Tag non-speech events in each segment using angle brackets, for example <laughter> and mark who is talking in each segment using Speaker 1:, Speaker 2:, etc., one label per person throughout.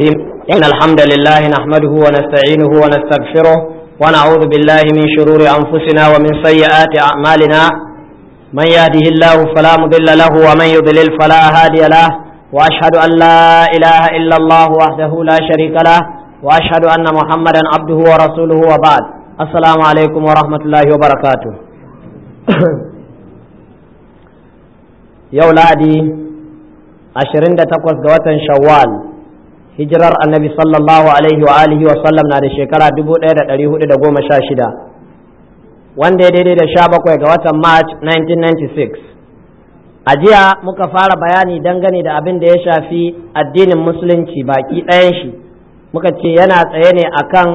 Speaker 1: إن الحمد لله نحمده ونستعينه ونستغفره ونعوذ بالله من شرور أنفسنا ومن سيئات أعمالنا من يهده الله فلا مضل له ومن يضلل فلا هادي له وأشهد أن لا إله إلا الله وحده لا شريك له وأشهد أن محمدا عبده ورسوله وبعد السلام عليكم ورحمة الله وبركاته يا أولادي 28 ga شوال hijirar annabi sallallahu alaihi wa alihi wa sallam na da shekara 1416 wanda ya daidai da sha 17 ga watan march 1996 a jiya muka fara bayani dangane da abin da ya shafi addinin musulunci baki ɗayan shi muka ce yana tsaye ne akan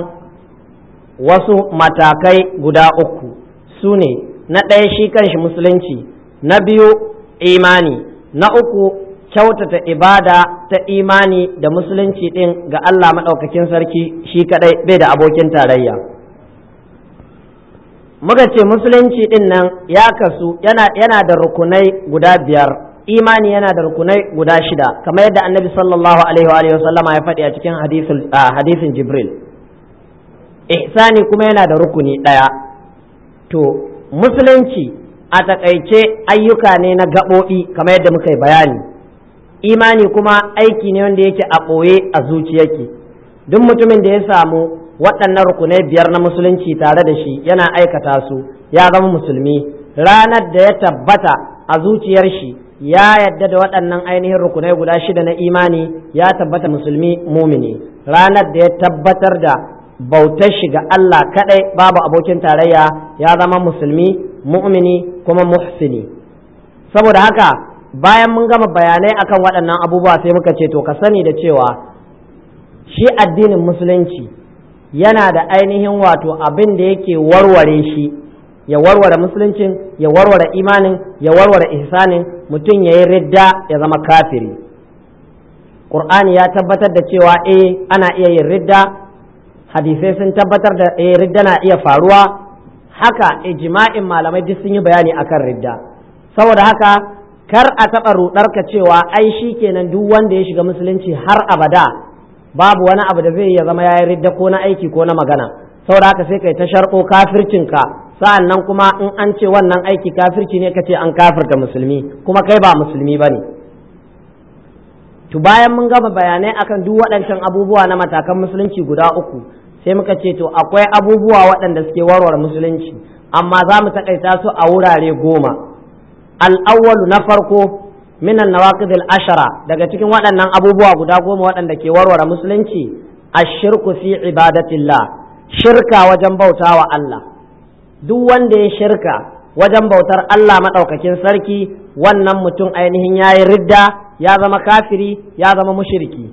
Speaker 1: wasu matakai guda uku su ne na ɗaya shi kanshi musulunci na biyu imani na uku kyautata ibada ta imani da musulunci ɗin ga Allah maɗaukakin sarki shi kaɗai bai da abokin tarayya muka ce musulunci ɗin nan ya kasu yana da rukunai guda biyar imani yana da rukunai guda shida kamar yadda annabi sallallahu alaihi wa sallama ya faɗi a cikin hadisin jibril ihsani kuma yana da rukuni ɗaya to musulunci a takaice ayyuka ne na gaɓoɓi kamar yadda muka yi bayani imani kuma aiki ne wanda yake a ɓoye a zuciyarki duk mutumin da ya samu waɗannan rukunai biyar na musulunci tare da shi yana aikata su ya zama musulmi ranar da ya tabbata a zuciyar shi ya yadda da waɗannan ainihin rukunai guda shida na imani ya tabbata musulmi mumini ranar da ya tabbatar da bautar shi ga Allah kaɗai babu abokin tarayya ya zama musulmi mu'mini kuma muhsini saboda haka bayan mun gama bayanai akan waɗannan abubuwa sai muka ce to ka sani da cewa shi addinin musulunci yana da ainihin wato abin da yake warware shi ya warware musuluncin ya warware imanin ya warware ihsanin mutum ya yi ridda ya zama kafiri ƙur'ani ya tabbatar da cewa eh ana iya yin ridda hadisai sun tabbatar da eh ridda na iya faruwa haka ijma'in malamai duk sun yi bayani akan ridda saboda haka kar a taɓa ruɗarka cewa ai shi kenan duk wanda ya shiga musulunci har abada babu wani abu da zai ya zama ya ridda ko na aiki ko na magana saboda haka sai kai ta sharko kafircinka sa'an nan kuma in an ce wannan aiki kafirci ne ka ce an kafirta musulmi kuma kai ba musulmi ba ne to bayan mun gama bayanai akan duk waɗancan abubuwa na matakan musulunci guda uku sai muka ce to akwai abubuwa waɗanda suke warware musulunci amma za mu taƙaita su a wurare goma al'awwalu na farko minan nawaqid ashara daga cikin waɗannan abubuwa guda goma waɗanda ke warware musulunci ashirku fi ibadatillah shirka wajen bauta wa Allah duk wanda ya shirka wajen bautar Allah maɗaukakin sarki wannan mutum ainihin yayi ridda ya zama kafiri ya zama mushriki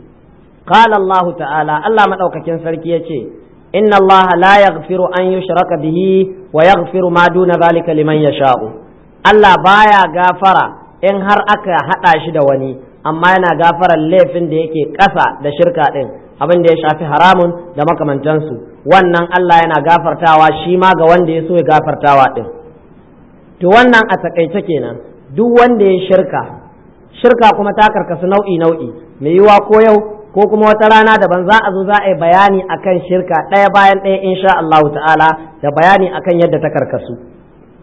Speaker 1: qala Allah ta'ala Allah maɗaukakin sarki ce, inna Allah la yaghfiru an yushraka bihi wa yaghfiru ma duna zalika liman yasha'u Allah baya gafara in har aka haɗa shi da wani amma yana gafarar laifin da yake ƙasa da shirka ɗin abin da ya shafi haramun da makamantansu wannan Allah yana gafartawa shi ma ga wanda ya so ya gafartawa ɗin to wannan a takaice kenan duk wanda ya shirka shirka kuma ta karkasu nau'i nau'i mai yiwa ko yau ko kuma wata rana daban za a zo za a yi bayani akan shirka ɗaya bayan ɗaya insha Allah ta'ala da bayani akan yadda ta karkasu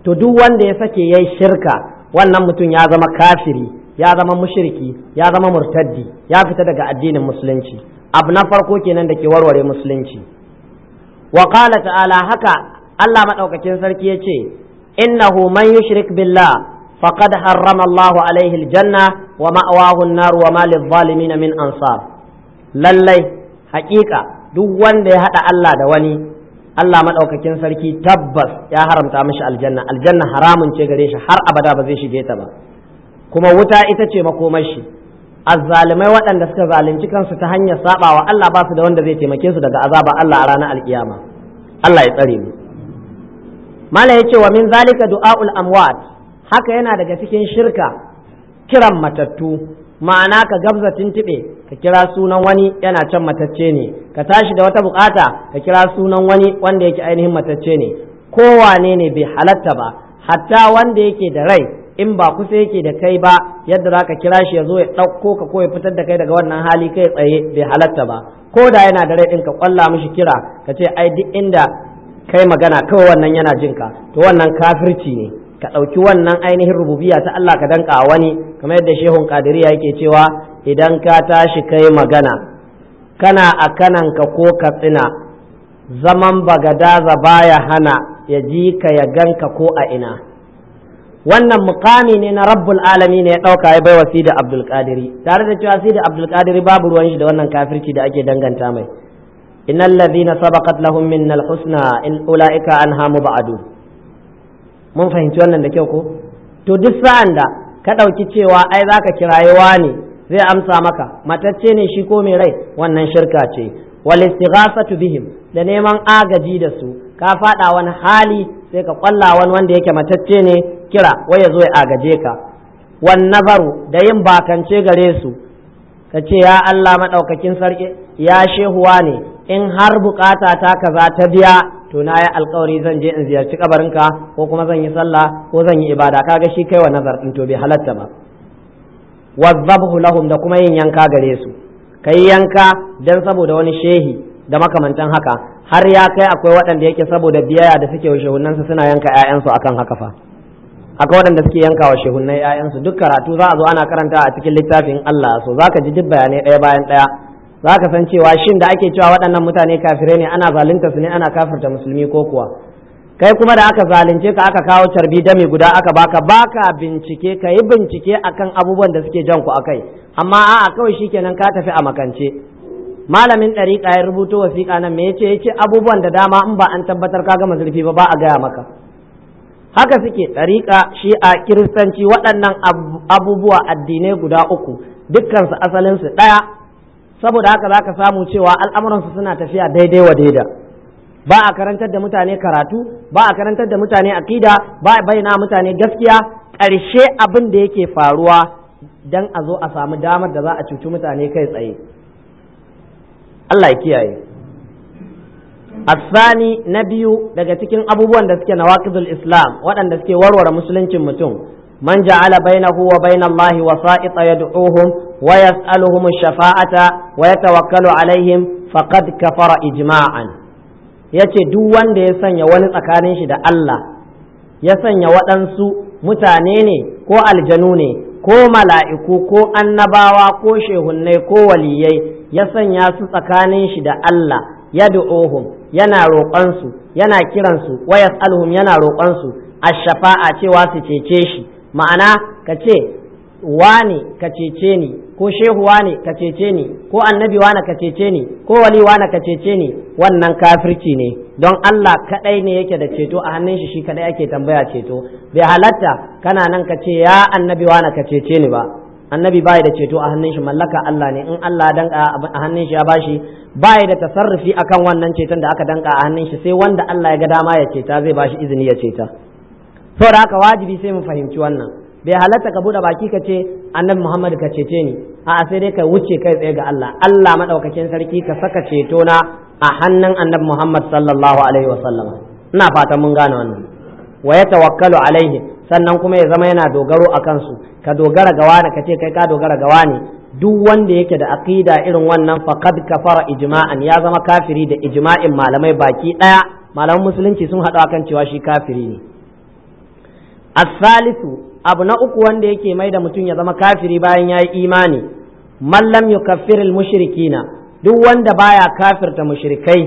Speaker 1: to duk wanda ya sake yayi shirka wannan mutum ya zama kafiri ya zama mushriki ya zama murtaddi ya fita daga addinin musulunci abu na farko kenan da ke warware musulunci wa qala ta'ala haka Allah madaukakin sarki yace innahu man yushrik billah faqad harrama Allahu alaihi aljanna wa ma'wahu an-nar wa ma lil-zalimin min ansar lallai haƙiƙa duk wanda ya haɗa Allah da wani Allah maɗaukakin sarki tabbas ya haramta mashi aljanna aljanna haramun ce gare shi har abada ba zai shige ta ba kuma wuta ita ce makomar shi azzalimai waɗanda suka zalunci kansu ta hanyar sabawa Allah ba su da wanda zai taimake su daga azaba Allah a ranar alkiyama Allah ya tsare mu mala yace wa min zalika du'aul amwat haka yana daga cikin shirka kiran matattu ma'ana ka gabza tintibe ka kira sunan wani yana can matacce ne ka tashi da wata bukata ka kira sunan wani wanda yake ainihin matacce ne kowane ne bai halatta ba hatta wanda yake da rai in ba kusa yake da kai ba yadda za ka kira shi ya zo ya ɗauko ka ko ya fitar da kai daga wannan hali kai tsaye bai halatta ba ko da yana da rai ɗin ka ƙwalla mishi kira ka ce ai duk inda kai magana kawai wannan yana jinka to wannan kafirci ne ka ɗauki wannan ainihin rububiya ta Allah ka danka wani kamar yadda shehun kadiriya yake cewa idan ka tashi kai magana kana a kananka ko ka tsina zaman bagadaza baya hana ya ji ka ya ganka ko a ina wannan mukami ne na rabbul alami ne ya ɗauka ya baiwa sida abdulkadiri tare da cewa sida abdulkadiri babu ruwan shi da wannan kafirci da ake danganta mai innal ladhina sabaqat lahum minnal husna in ulaika anha mubadun mun fahimci wannan da kyau ko to duk sa'an da ka ɗauki cewa ai za ka yawa ne zai amsa maka matacce ne shi ko mai rai wannan shirka ce wal istighasatu bihim da neman agaji da su ka faɗa wani hali sai ka kwalla wani wanda yake matacce ne kira waya zo ya agaje ka wan nazaru da yin bakance gare su ka ce ya Allah maɗaukakin sarki ya shehuwa ne in har bukata ta kaza ta biya to na yi alkawari zan je in ziyarci kabarinka ko kuma zan yi sallah ko zan yi ibada kaga shi kaiwa nazar in to bai halatta ba wazzabhu lahum da kuma yin yanka gare su kai yanka dan saboda wani shehi da makamantan haka har ya kai akwai waɗanda yake saboda biyayya da suke wa su suna yanka 'ya'yansu akan haka fa akwai waɗanda suke yanka wa shehunan 'ya'yansu duk karatu za a zo ana karanta a cikin littafin Allah so zaka ji duk bayanai ɗaya bayan ɗaya za ka san cewa shin da ake cewa waɗannan mutane kafirai ne ana zalunta su ne ana kafirta musulmi ko kuwa kai kuma da aka zalunce ka aka kawo carbi mai guda aka baka baka bincike ka yi bincike akan abubuwan da suke jan ku akai amma a'a kawai shi shikenan ka tafi a makance malamin ɗariƙa ya rubuto wasiƙa nan me yace yace abubuwan da dama in ba an tabbatar ka gama zurfi ba ba a gaya maka haka suke ɗariƙa shi a kiristanci waɗannan abubuwa addinai guda uku dukkansu asalinsu ɗaya saboda haka za ka samu cewa al'amuransu suna tafiya daidai wa daida ba a karantar da mutane karatu ba a karantar da mutane akida ba a bayyana mutane gaskiya ƙarshe abin da yake faruwa don a zo a samu damar da za a cuci mutane kai tsaye
Speaker 2: Allah ya kiyaye
Speaker 1: asani na biyu daga cikin abubuwan da suke nawaqidul islam waɗanda suke warware musuluncin mutum man ja'ala bainahu wa bainallahi wasa'ita yad'uhum ويسألهم الشفاعة ويتوكل عليهم فقد كفر إجماعا yace duk wanda ya sanya wani tsakanin shi da Allah ya sanya waɗansu mutane ne ko aljanu ne ko mala'iku ko annabawa ko shehunnai ko waliyai ya sanya su tsakanin shi da Allah ya du'ohum yana roƙonsu yana kiransu wayas alhum yana roƙonsu a shafa'a cewa su cece shi ma'ana ka ce wani ka cece ni ko shehu wane ka cece ni ko annabi wane ka cece ni ko wali wane ka cece ni wannan kafirci ne don Allah kadai ne yake da ceto a hannun shi shi kadai ake tambaya ceto bai halatta kana nan ka ce ya annabi wane ka cece ni ba annabi bai da ceto a hannun shi mallaka Allah ne in Allah danka a hannun shi ya bashi bai da tasarrufi akan wannan ceton da aka danka a hannun shi sai wanda Allah ya ga dama ya ceta zai bashi izini ya ceta saboda aka wajibi sai mu fahimci wannan bai halatta ka bude baki ka ce annabi Muhammad ka cece ni a sai dai ka wuce kai tsaye ga Allah Allah madaukakin sarki ka saka ceto na a hannun annabi Muhammad sallallahu alaihi wa sallama ina fatan mun gane wannan wa ya tawakkalu alaihi sannan kuma ya zama yana dogaro a kansu ka dogara ga wani ka ce kai ka dogara ga wani duk wanda yake da aqida irin wannan faqad kafara ijma'an ya zama kafiri da ijma'in malamai baki daya malaman musulunci sun haɗu akan cewa shi kafiri ne as-salisu abu na uku wanda yake mai da mutum ya zama kafiri bayan ya yi imani mallam yukaffiril na duk wanda baya kafirta mushrikai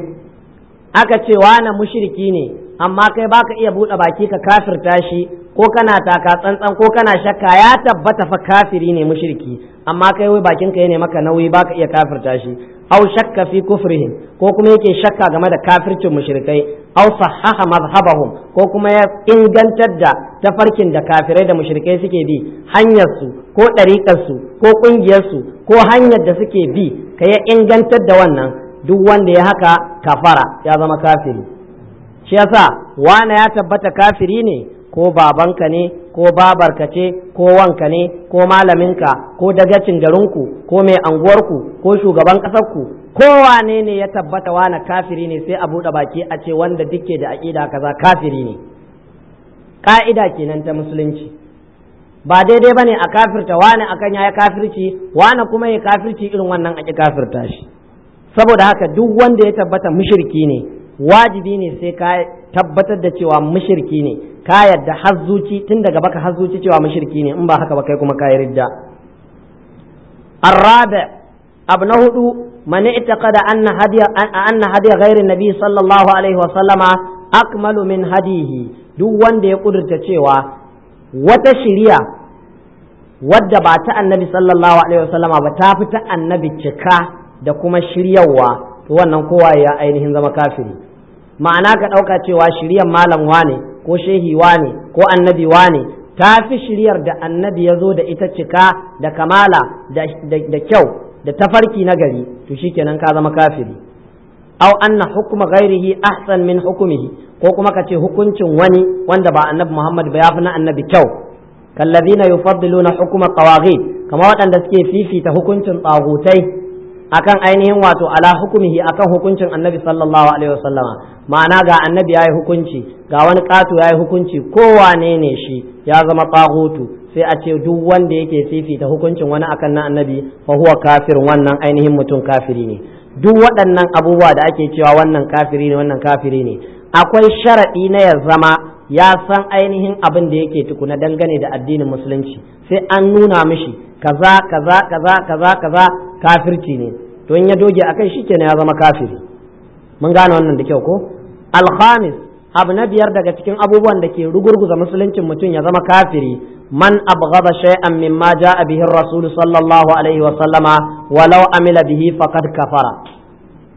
Speaker 1: aka ce na mushriki ne amma kai baka iya buɗe baki ka kafirta shi ko kana taka tsantsan ko kana shakka ya tabbata fa kafiri ne mushriki amma kai wai bakinka ka ne maka nauyi baka iya kafirta shi aw shakka fi kufrihim ko kuma yake shakka game da kafircin mushrikai aw sahaha madhhabahum ko kuma ya ingantar da tafarkin da kafirai da mushrikai suke bi hanyar su ko dariƙar su ko ƙungiyarsu, su ko hanyar da suke bi ka ya ingantar da wannan duk wanda ya haka kafara ya zama kafiri shi yasa wane ya tabbata kafiri ne ko babanka ne ko babarka ce ko wanka ne ko malaminka ko dagacin garinku ko mai anguwarku ko shugaban ƙasarku kowa ne ne ya tabbata wani kafiri ne sai a buɗe baki a ce wanda duke da aƙida kaza kafiri ne ƙa'ida kenan ta musulunci ba daidai ba ne a kafirta wani akan ya kafirci wani kuma ya kafirci irin wannan aƙi kafirta shi saboda haka duk wanda ya tabbata mushirki ne wajibi ne sai ka tabbatar da cewa mushirki ne ka yadda hazzuci tun daga baka hazzuci cewa mushirki ne in ba haka ba kai kuma ka yarda Arrabe abu na hudu man i'taqada anna hadiya anna hadiya ghairi nabi sallallahu alaihi wa sallama akmalu min hadihi duk wanda ya kudurta cewa wata shiriya wadda ba ta annabi sallallahu alaihi wa sallama ba ta fi ta annabi cika da kuma shiryawa to wannan kowa ya ainihin zama kafiri ma'ana ka ɗauka cewa shiryar malam wane ko shehi wane ko annabi wane ta fi shiryar da annabi ya zo da ita cika da kamala da kyau da tafarki na gari to shikenan ka zama kafiri au anna hukma ghairihi ahsan min hukmihi ko kuma ka ce hukuncin wani wanda ba annabi Muhammad ba yafi na annabi kyau kallazina yufaddiluna hukma qawaghid kama waɗanda suke fifita hukuncin tsagutai akan ainihin wato ala hukumihi akan hukuncin annabi sallallahu alaihi wasallama ma'ana ga annabi yayi hukunci ga wani kato yayi hukunci kowane ne shi ya zama tagutu sai a ce duk wanda yake fifita hukuncin wani akan na annabi fa huwa kafir wannan ainihin mutum kafiri ne duk waɗannan abubuwa da ake cewa wannan kafiri ne wannan kafiri ne akwai sharaɗi na ya zama ya san ainihin abin da yake tukuna dangane da addinin musulunci sai an nuna mishi kaza kaza kaza kaza kaza kafirci ne to in ya doge a ke shikenan ya zama kafiri mun gane wannan da kyau ko alhamis abu na biyar daga cikin abubuwan da ke rugurguza musuluncin mutum ya zama kafiri man abghada shay'an mimma ja'a bihi ar-rasul sallallahu alaihi wa sallama walau amila bihi faqad kafara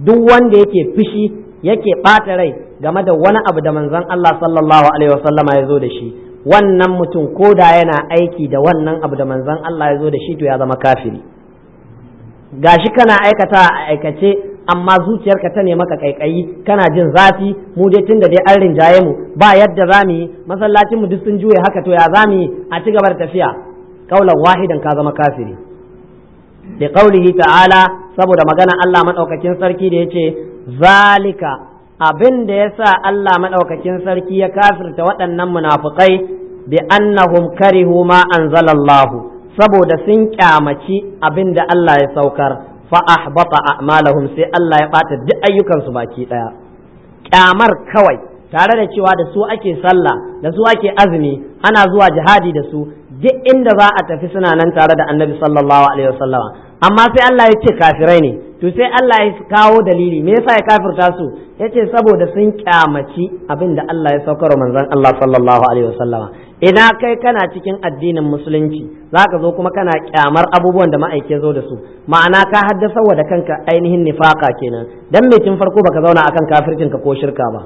Speaker 1: duk wanda yake fishi yake bata rai game da wani abu da manzon Allah sallallahu alaihi wa sallama ya zo da shi wannan mutum ko da yana aiki da wannan abu da manzon Allah ya zo da shi to ya zama kafiri gashi kana aikata a aikace amma zuciyarka ta nema ka kaikayi kana jin zafi mu dai da dai an rinjaye mu ba yadda za mu yi masallacin mu duk sun juye haka to ya za mu yi a ci gaba da tafiya kaulan wahidan ka zama kafiri da kaulihi ta'ala saboda magana Allah madaukakin sarki da yace zalika abin da yasa Allah madaukakin sarki ya kafirta waɗannan munafikai bi annahum karihu ma anzalallahu saboda sun kyamaci abin da Allah ya saukar fa ahbata a'malahum sai Allah ya bata duk ayyukansu baki ɗaya. kyamar kawai tare da cewa da su ake sallah da su ake azumi ana zuwa jihadi da su duk inda za a tafi suna nan tare da annabi sallallahu alaihi wasallam amma sai Allah ya ce kafirai ne to sai Allah ya kawo dalili me yasa ya kafirta su yace saboda sun kyamaci abin da Allah ya saukar manzon Allah sallallahu alaihi wasallama ina kai kana cikin addinin musulunci za ka zo kuma kana kyamar abubuwan da ma'aike zo da su ma'ana ka haddasa wa da kanka ainihin nifaka kenan dan me tun farko baka zauna akan kafircin ka ko shirka ba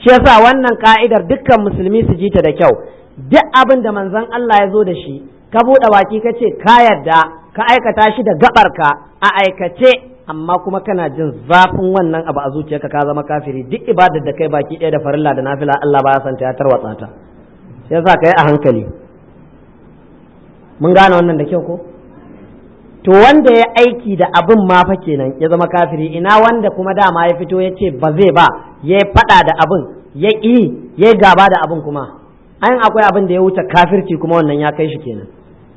Speaker 1: shi yasa wannan ka'idar dukkan musulmi su ji ta da kyau duk abin da manzon Allah ya zo da shi ka buɗe baki ka ce ka yarda ka aikata shi da gabarka a aikace amma kuma kana jin zafin wannan abu a zuciyarka ka zama kafiri duk ibadar da kai baki ɗaya da farilla da nafila Allah ba ya santa ya tarwatsa ta yasa ka yi a hankali mun gane wannan da kyau ko to wanda ya aiki da abin ma fa kenan ya zama kafiri ina wanda kuma dama ya fito ya ce ba zai ba ya fada da abin ya yi ya gaba da abin kuma an akwai abin da ya wuce kafirci kuma wannan ya kai shi kenan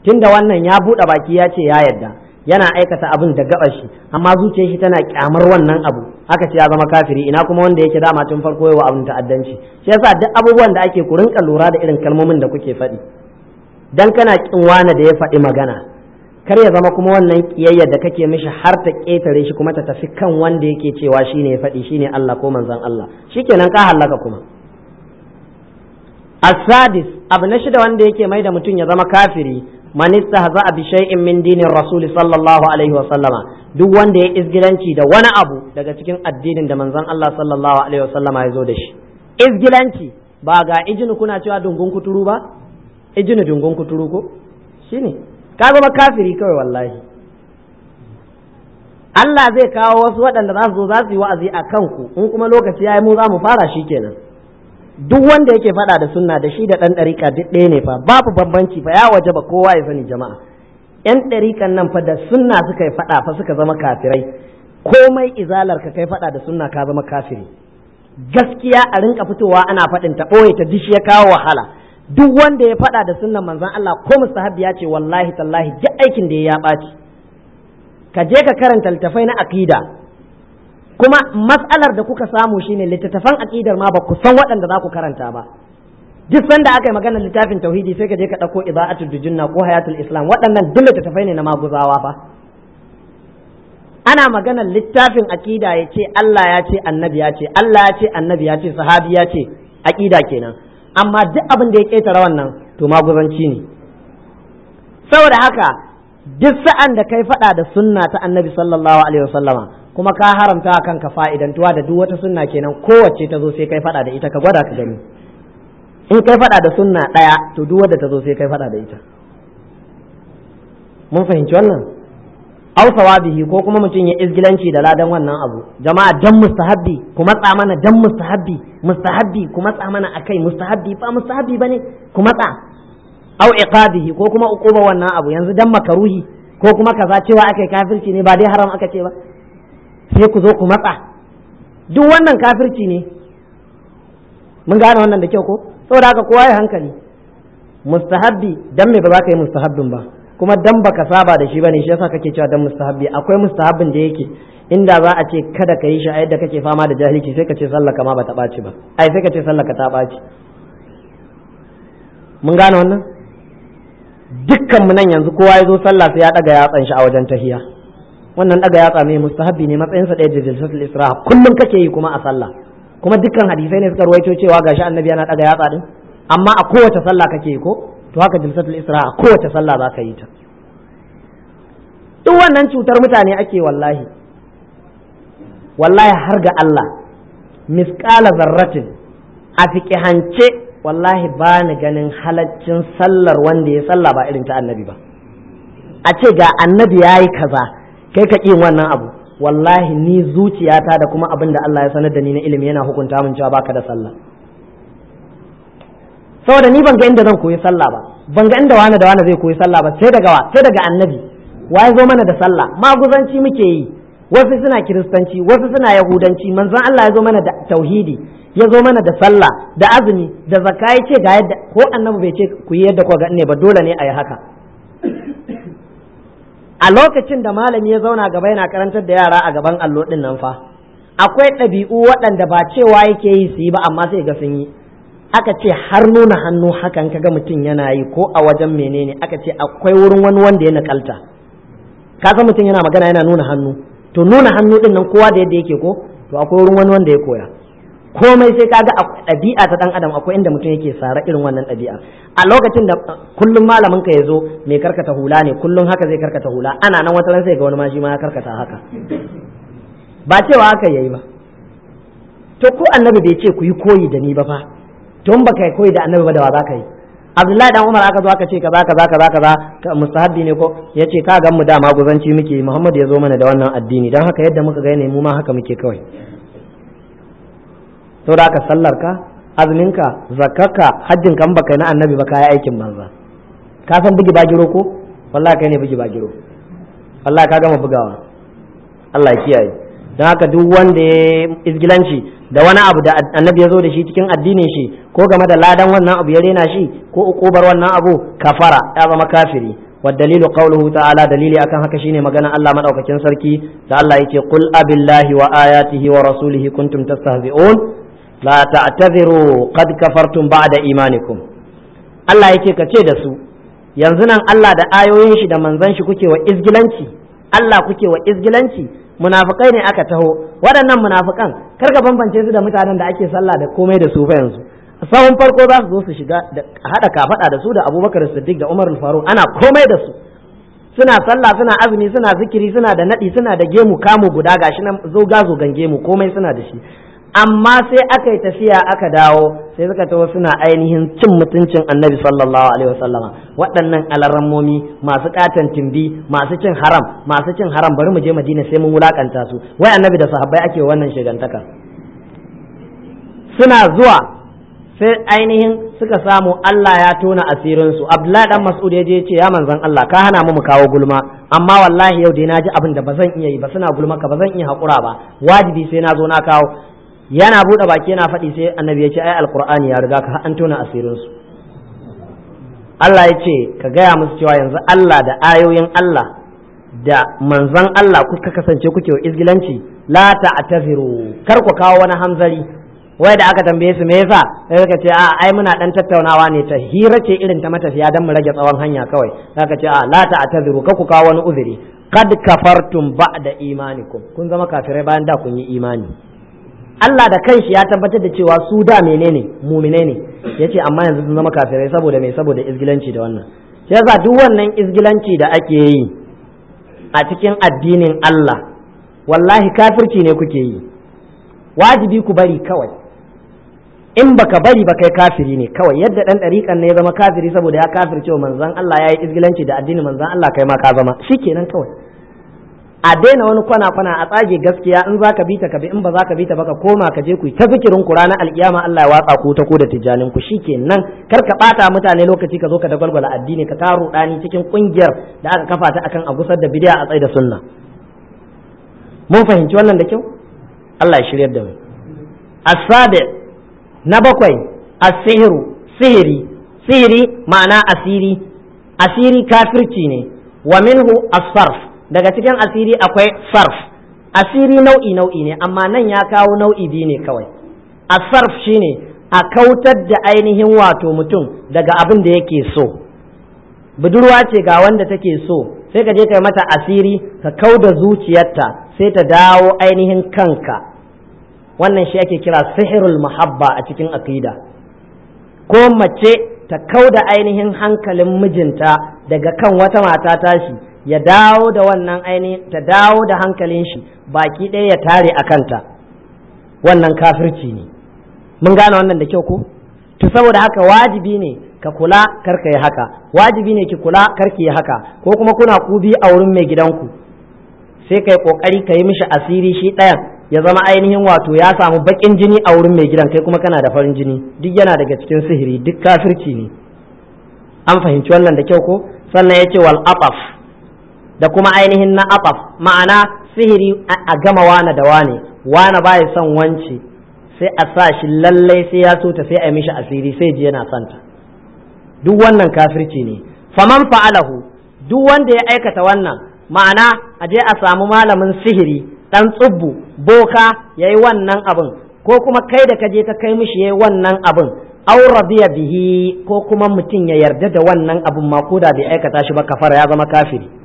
Speaker 1: tunda wannan ya buɗe baki ya ce ya yarda yana aikata abin da gabar shi amma zuciyar shi tana kyamar wannan abu haka ce ya zama kafiri ina kuma wanda yake dama tun farko yawa abin ta'addanci shi yasa duk abubuwan da ake ku rinka lura da irin kalmomin da kuke faɗi dan kana kin wani da ya faɗi magana kar ya zama kuma wannan kiyayyar da kake mishi har ta ƙetare shi kuma ta tafi kan wanda yake cewa shine ya faɗi shine Allah ko manzon Allah Shi shikenan ka hallaka kuma asadis abu na shida wanda yake mai da mutum ya zama kafiri man istahza'a bi shay'in min dinir rasul sallallahu alaihi wa sallama duk wanda ya izgilanci da wani abu daga cikin addinin da manzon Allah sallallahu alaihi wa sallama ya zo da shi izgilanci ba ga ijinu kuna cewa dungun kuturu ba ijinu dungun kuturu ko shine ka zama kafiri kawai wallahi Allah zai kawo wasu waɗanda za su zo za su yi wa'azi a kanku in kuma lokaci ya yi mu za mu fara shi kenan duk wanda yake faɗa da sunna da shi da ɗan ɗarika duk ɗaya ne fa babu bambanci fa ya waje ba kowa ya sani jama'a yan ɗarikan nan fa da sunna suka yi faɗa fa suka zama kafirai komai izalar ka kai faɗa da sunna ka zama kafiri gaskiya a rinka fitowa ana faɗin ta ɓoye ta dishi ya kawo wahala duk wanda ya faɗa da sunnan manzon Allah ko mustahabi ya ce wallahi tallahi ji aikin da ya ɓaci ka je ka karanta littafai na aqida kuma matsalar da kuka samu shi ne littattafan aqidar ma ba ku san waɗanda za ku karanta ba duk sanda aka yi maganar littafin tauhidi sai ka je ka ɗauko ibadatul dujunna ko hayatul islam waɗannan duk littattafai ne na maguzawa ba? ana maganar littafin aqida ya ce Allah ya ce annabi ya ce Allah ya ce annabi ya ce sahabi ya ce aqida kenan amma duk abin da ya ƙetare wannan to maguzanci ne saboda haka duk sa'an da kai faɗa da sunna ta annabi sallallahu alaihi wasallama kuma ka haramta a kanka fa'idantuwa da duk wata sunna kenan kowace ta zo sai kai faɗa da ita ka gwada ka gani in kai faɗa da sunna ɗaya to duk wadda ta zo sai kai faɗa da ita mun fahimci wannan aw bihi ko kuma mutum ya izgilanci da ladan wannan abu jama'a dan mustahabbi ku matsa mana dan mustahabbi mustahabbi ku matsa mana akai mustahabbi ba mustahabbi bane ku matsa au iqadihi ko kuma uquba wannan abu yanzu dan makaruhi ko kuma kaza cewa akai kafirci ne ba dai haram aka ce ba sai ku zo ku matsa duk wannan kafirci ne mun gane wannan da kyau ko saboda haka kowa ya hankali mustahabbi dan me ba za ka yi mustahabbin ba kuma dan baka saba da shi bane shi yasa kake cewa dan mustahabbi akwai mustahabbin da yake inda za a ce kada ka yi shi a yadda kake fama da jahilci sai ka ce sallaka ma ba ta ɓaci ba ai sai ka ce sallaka ta ɓaci mun gane wannan dukkan mu nan yanzu kowa ya zo sallah sai ya daga yatsan shi a wajen tahiya wannan daga yatsa mai mustahabi ne matsayin sa da jilsatul isra kullum kake yi kuma a sallah kuma dukkan hadisai ne suka ruwaito cewa gashi annabi yana daga yatsa din amma a kowace sallah kake yi ko to haka jilsatul isra a kowace sallah za ka yi ta duk wannan cutar mutane ake wallahi wallahi har ga Allah misqala zarratin a fiqihance wallahi ba ni ganin halaccin sallar wanda ya salla ba irin ta annabi ba a ce ga annabi ya yi kaza kai ka ƙin wannan abu wallahi ni zuciyata da kuma abin da Allah ya sanar da ni na ilimi yana hukunta min cewa baka da sallah saboda ni ban ga inda zan koyi sallah ba ban ga inda wani da wani zai koyi sallah ba sai daga wa sai daga annabi waye zo mana da sallah maguzanci muke yi wasu suna kiristanci wasu suna yahudanci manzon Allah ya zo mana da tauhidi ya zo mana da sallah da azumi da zakka ya ce ga yadda ko annabi bai ce ku yi yadda ku ga ne ba dole ne a yi haka a lokacin da malami ya zauna gaba yana karantar da yara a gaban allo din nan fa akwai ɗabi'u waɗanda ba cewa yake yi su yi ba amma sai ga sun yi aka ce har nuna hannu hakan kaga mutum yana yi ko a wajen menene aka ce akwai wurin wani wanda ya nakalta ka san mutum yana magana yana nuna hannu to nuna hannu din nan kowa da yadda yake ko to akwai wurin wani wanda ya koya komai sai kaga a ɗabi'a ta dan adam akwai inda mutum yake sara irin wannan ɗabi'a a lokacin da kullum malamin ka yazo mai karkata hula ne kullum haka zai karkata hula ana nan wata sai ga wani ma shi ma ya karkata haka ba cewa haka yayi ba to ko annabi bai ce ku yi koyi da ni ba fa tun baka yi koyi da annabi ba da wa za ka yi abdullahi dan umar aka zo aka ce kaza kaza kaza kaza mustahabbi ne ko yace ka ga mu dama guzanci muke muhammad ya zo mana da wannan addini dan haka yadda muka ga ne mu ma haka muke kawai da ka sallar ka azumin ka zakaka hajjin kan baka na annabi ba yi aikin banza ka san bugi bagiro ko wallahi kai ne bugi bagiro wallahi ka gama bugawa Allah ya kiyaye don haka duk wanda ya izgilanci da wani abu da annabi ya zo da shi cikin addinin shi ko game da ladan wannan abu ya rena shi ko ukubar wannan abu kafara ya zama kafiri والدليل قوله تعالى دليل أكن هكا شيني مغانا الله من أوكا كين سركي الله يتي قل أب الله وآياته ورسوله كنتم تستهزئون la ta'taziru qad kafartum ba'da imanikum Allah yake kace da su yanzu nan Allah da ayoyin shi da manzon shi kuke wa izgilanci Allah kuke wa izgilanci munafikai ne aka taho waɗannan munafikan kar ka bambance su da mutanen da ake sallah da komai da su fa yanzu sahun farko za su zo su shiga da hada kafada da su da Abubakar Siddiq da Umar Faruk ana komai da su suna sallah suna azumi suna zikiri suna da nadi suna da gemu kamu guda gashi nan zo gazo gange mu komai suna da shi amma sai aka yi tafiya aka dawo sai suka taho suna ainihin cin mutuncin annabi sallallahu alaihi wasallama waɗannan alarammomi masu ƙaton timbi masu cin haram masu cin haram bari mu je madina sai mun wulakanta su wai annabi da sahabbai ake wannan shigantaka suna zuwa sai ainihin suka samu Allah ya tona asirin su Abdullahi dan Mas'ud ya je ce ya manzon Allah ka hana mu mu kawo gulma amma wallahi yau dai ji abin da bazan iya yi ba suna gulma ka bazan iya hakura ba wajibi sai na zo na kawo yana buɗe baki yana faɗi sai annabi ya ce ai alqur'ani ya riga ka an tona asirin su Allah ya ce ka gaya musu cewa yanzu Allah da ayoyin Allah da manzon Allah kuka kasance kuke wa izgilanci la ta'taziru kar ku kawo wani hamzari wai da aka tambaye su me yasa sai suka ce a ai muna dan tattaunawa ne ta hira ce irin ta matafiya dan mu rage tsawon hanya kawai zaka ce a la ta'taziru kar ku kawo wani uzuri kad kafartum ba'da imanikum kun zama kafirai bayan da kun yi imani Allah da kanshi ya tabbatar da cewa su da menene mumine ne yace amma yanzu sun zama kafirai saboda me saboda izgilanci da wannan sai yasa duk wannan izgilanci da ake yi a cikin addinin Allah wallahi kafirci ne kuke yi wajibi ku bari kawai in baka bari ba kai kafiri ne kawai yadda dan dariƙan ne ya zama kafiri saboda ya kafirce wa manzon Allah ya yi izgilanci da addinin manzon Allah kai ma ka zama shikenan kawai a daina wani kwana kwana a tsage gaskiya in zaka bi ta ka bi in ba ka bi ta ba ka koma ka je ku ta zikirin ku ranar alkiyama Allah ya watsa ku ta ko da tijanin ku shikenan kar ka bata mutane lokaci ka zo ka dagwalgwala addini ka karo dani cikin kungiyar da aka kafa ta akan agusar da bid'a a tsaye da sunna mun fahimci wannan da kyau Allah ya shiryar da mu asabe na bakwai asiru sihiri sihiri ma'ana asiri asiri kafirci ne wa minhu asfarf daga cikin asiri akwai sarf asiri nau'i nau'i ne amma nan ya kawo nau'i biyu ne kawai A shi shine a kautar da ainihin wato mutum daga abin da yake so budurwa ce ga wanda take so sai ka je kai mata asiri ka kau da zuciyarta sai ta dawo ainihin kanka wannan shi ake kira sihirul muhabba a cikin aqida ko mace ta kau da ainihin hankalin mijinta daga kan wata mata tashi ya dawo da wannan ainihin ta dawo da hankalin shi baki ɗaya ya tare a kanta wannan kafirci ne mun gane wannan da kyau ko to saboda haka wajibi ne ka kula karka yi haka wajibi ne ki kula karki yi haka ko kuma kuna kubi a wurin mai gidanku sai kai kokari ka yi mishi asiri shi ɗayan ya zama ainihin wato ya samu bakin jini a wurin mai gidan kai kuma kana da farin jini duk yana daga cikin sihiri duk kafirci ne an fahimci wannan da kyau ko sannan ya ce wal afaf da kuma ainihin na afaf ma'ana sihiri a gama wana da wane wana ba son wance sai a sa shi lallai sai ya so sai a yi mishi asiri sai ji yana santa duk wannan kafirci ne faman fa'alahu duk wanda ya aikata wannan ma'ana a je a samu malamin sihiri dan tsubbu boka yayi wannan abin ko kuma kai da ka je ka kai mishi yayi wannan abin aw radiya bihi ko kuma mutum ya yarda da wannan abin ma ko da bai aikata shi ba kafara ya zama kafiri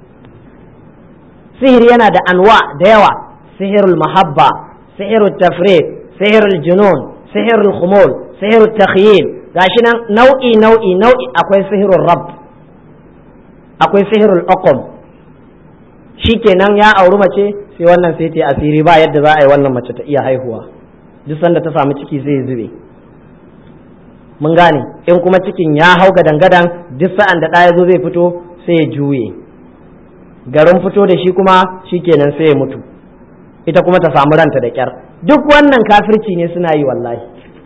Speaker 1: sihiri yana da anwa da yawa sihirul mahabba sihirul tafrid sihirul junun sihirul khumul sihirul takhyil gashi nan nau'i nau'i nau'i akwai sihirul rabb akwai sihirul aqam shikenan ya auri mace sai wannan sai ta asiri ba yadda za a yi wannan mace ta iya haihuwa duk sanda ta samu ciki zai zube mun gane in kuma cikin ya hau gadan gadan duk sa'an da ɗaya zo zai fito sai ya juye garin fito da shi kuma shi kenan sai ya mutu ita kuma ta samu ranta da kyar duk wannan kafirci ne suna yi wallahi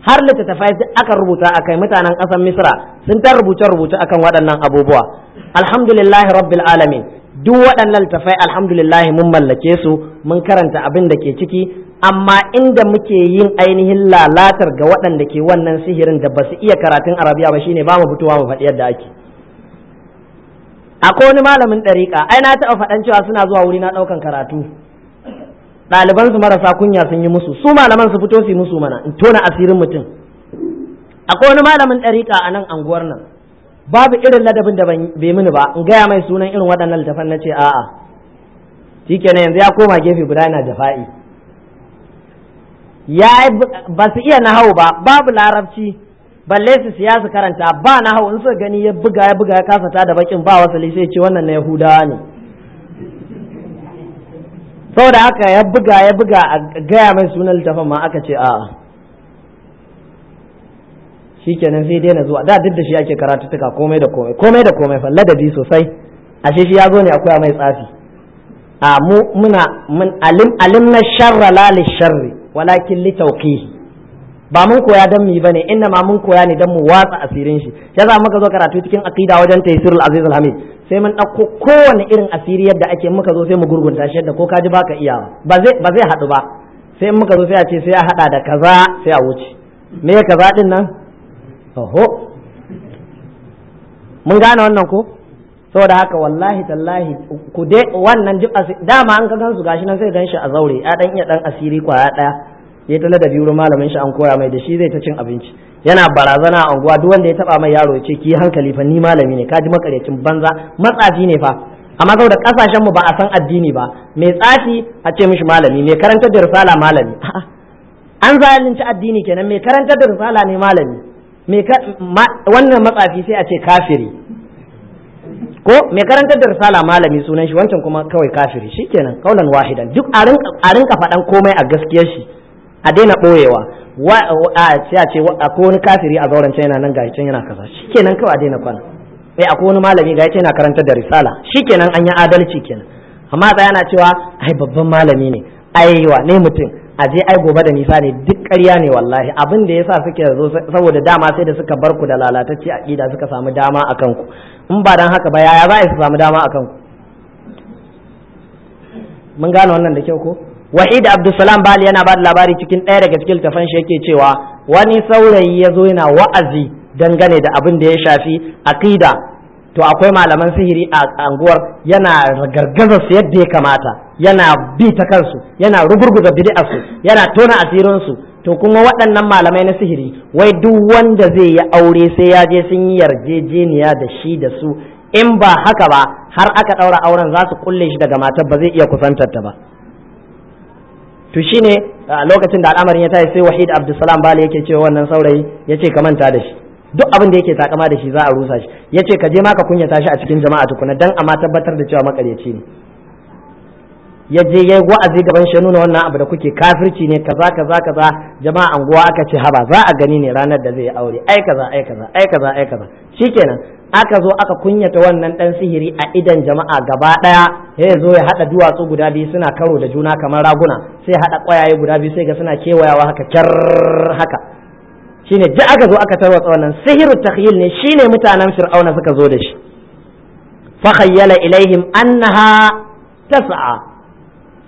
Speaker 1: har littattafai aka rubuta a akai mutanen ƙasar misra sun ta rubuce rubuce akan waɗannan abubuwa alhamdulillahi rabbil alamin duk waɗannan littattafai alhamdulillahi mun mallake su mun karanta abin da ke ciki amma inda muke yin ainihin lalatar ga waɗanda ke wannan sihirin da ba su iya karatun arabiya ba shine ba mu fitowa mu faɗi yadda ake akwai wani malamin ɗariƙa ai na taɓa faɗan cewa suna zuwa wuri na ɗaukan karatu ɗaliban su marasa kunya sun yi musu su malaman su fito su yi musu mana in tona asirin mutum akwai wani malamin ɗariƙa a nan anguwar nan babu irin ladabin da bai mini ba in gaya mai sunan irin waɗannan littafan na ce a'a kenan yanzu ya koma gefe guda yana jafa'i ya ba su iya nahawu ba babu larabci balle su siya su karanta ba na hau in suka gani ya buga ya buga ya kasa ta da bakin ba wasali sai ce wannan na yahudawa ne saboda haka ya buga ya buga a gaya mai sunan littafin ma aka ce a shi kenan sai daina zuwa da duk da shi ake tuka komai da komai komai da komai fa ladabi sosai a shi ya zo ne akwai mai tsafi a mu muna mun alim alim na sharra la sharri walakin li tawqihi ba mun koya dan ba ne, inna ma mun koya ne don mu watsa asirin shi ya za muka zo karatu cikin aqida wajen taysirul aziz al-hamid sai mun dauko kowane irin asiri yadda ake muka zo sai mu gurgunta shi yadda ko ka ji baka iya ba ba zai hadu ba sai muka zo sai a ce sai a hada da kaza sai a wuce me kaza din nan oho mun gane wannan ko saboda haka wallahi tallahi ku dai wannan dama an ka gansu gashi nan sai gan shi a zaure ya dan iya dan asiri kwaya daya ya ta ladabi wurin malamin shi an koya mai da shi zai ta cin abinci yana barazana a unguwa duk wanda ya taba mai yaro ce ki hankali fa ni malami ne ka ji makarecin banza matsafi ne fa amma saboda kasashen mu ba a san addini ba mai tsafi a ce mishi malami mai karanta da risala malami an zalunci addini kenan mai karantar da risala ne malami wannan matsafi sai a ce kafiri ko mai karantar da risala malami sunan shi wancan kuma kawai kafiri shikenan kaulan wahidan duk a rinka faɗan komai a gaskiyar shi a daina ɓoyewa wa a ce a ce akwai wani kafiri a zauren yana nan gashi can yana kaza shikenan kawai a daina kwana mai eh, akwai wani malami can yana karantar da risala shikenan an yi adalci kenan amma tsaya na cewa ai babban malami ne ai wa ne mutum a je ai gobe da nisa ne duk karya ne wallahi abin da sa suke zo saboda dama sai da suka bar ku da lalatacce ƙida suka samu dama a kanku, in ba dan haka ba yaya za su samu dama a kanku? mun gane wannan da kyau ko wahid abdulsalam bali yana ba da labari cikin ɗaya daga cikin littafan shi yake cewa wani saurayi ya zo yana wa'azi dangane da abin da ya shafi aqida to akwai malaman sihiri a anguwar yana gargaza su yadda ya kamata yana bi ta kansu yana rugurguza bid'arsu yana tona asirinsu to kuma waɗannan malamai na sihiri wai duk wanda zai yi aure sai ya je sun yi yarjejeniya da shi da su in ba haka ba har aka ɗaura auren za su kulle shi daga matar ba zai iya kusantar ta ba to shine a lokacin da al'amarin ya tashi sai wahid abdulsalam Bali yake cewa wannan saurayi yace ka manta da shi duk abin da yake takama da shi za a rusa shi Ya ce ka je ma ka kunyata shi a cikin jama'a tukuna dan amma tabbatar da cewa makaryaci ne ya je ya yi wa'azi gaban shi nuna wannan abu da kuke kafirci ne kaza kaza kaza jama'a anguwa aka ce haba za a gani ne ranar da zai yi aure ai kaza ai kaza ai kaza ai kaza shikenan aka zo aka kunyata wannan dan sihiri a idan jama'a gaba daya ya zo ya hada duwatsu guda biyu suna karo da juna kamar raguna sai hada kwayaye guda biyu sai ga suna kewayawa haka kyar haka shine ji aka zo aka tarwatsa wannan sihirin takhyil ne shine mutanen fir'auna suka zo da shi fa khayyala ilaihim annaha tas'a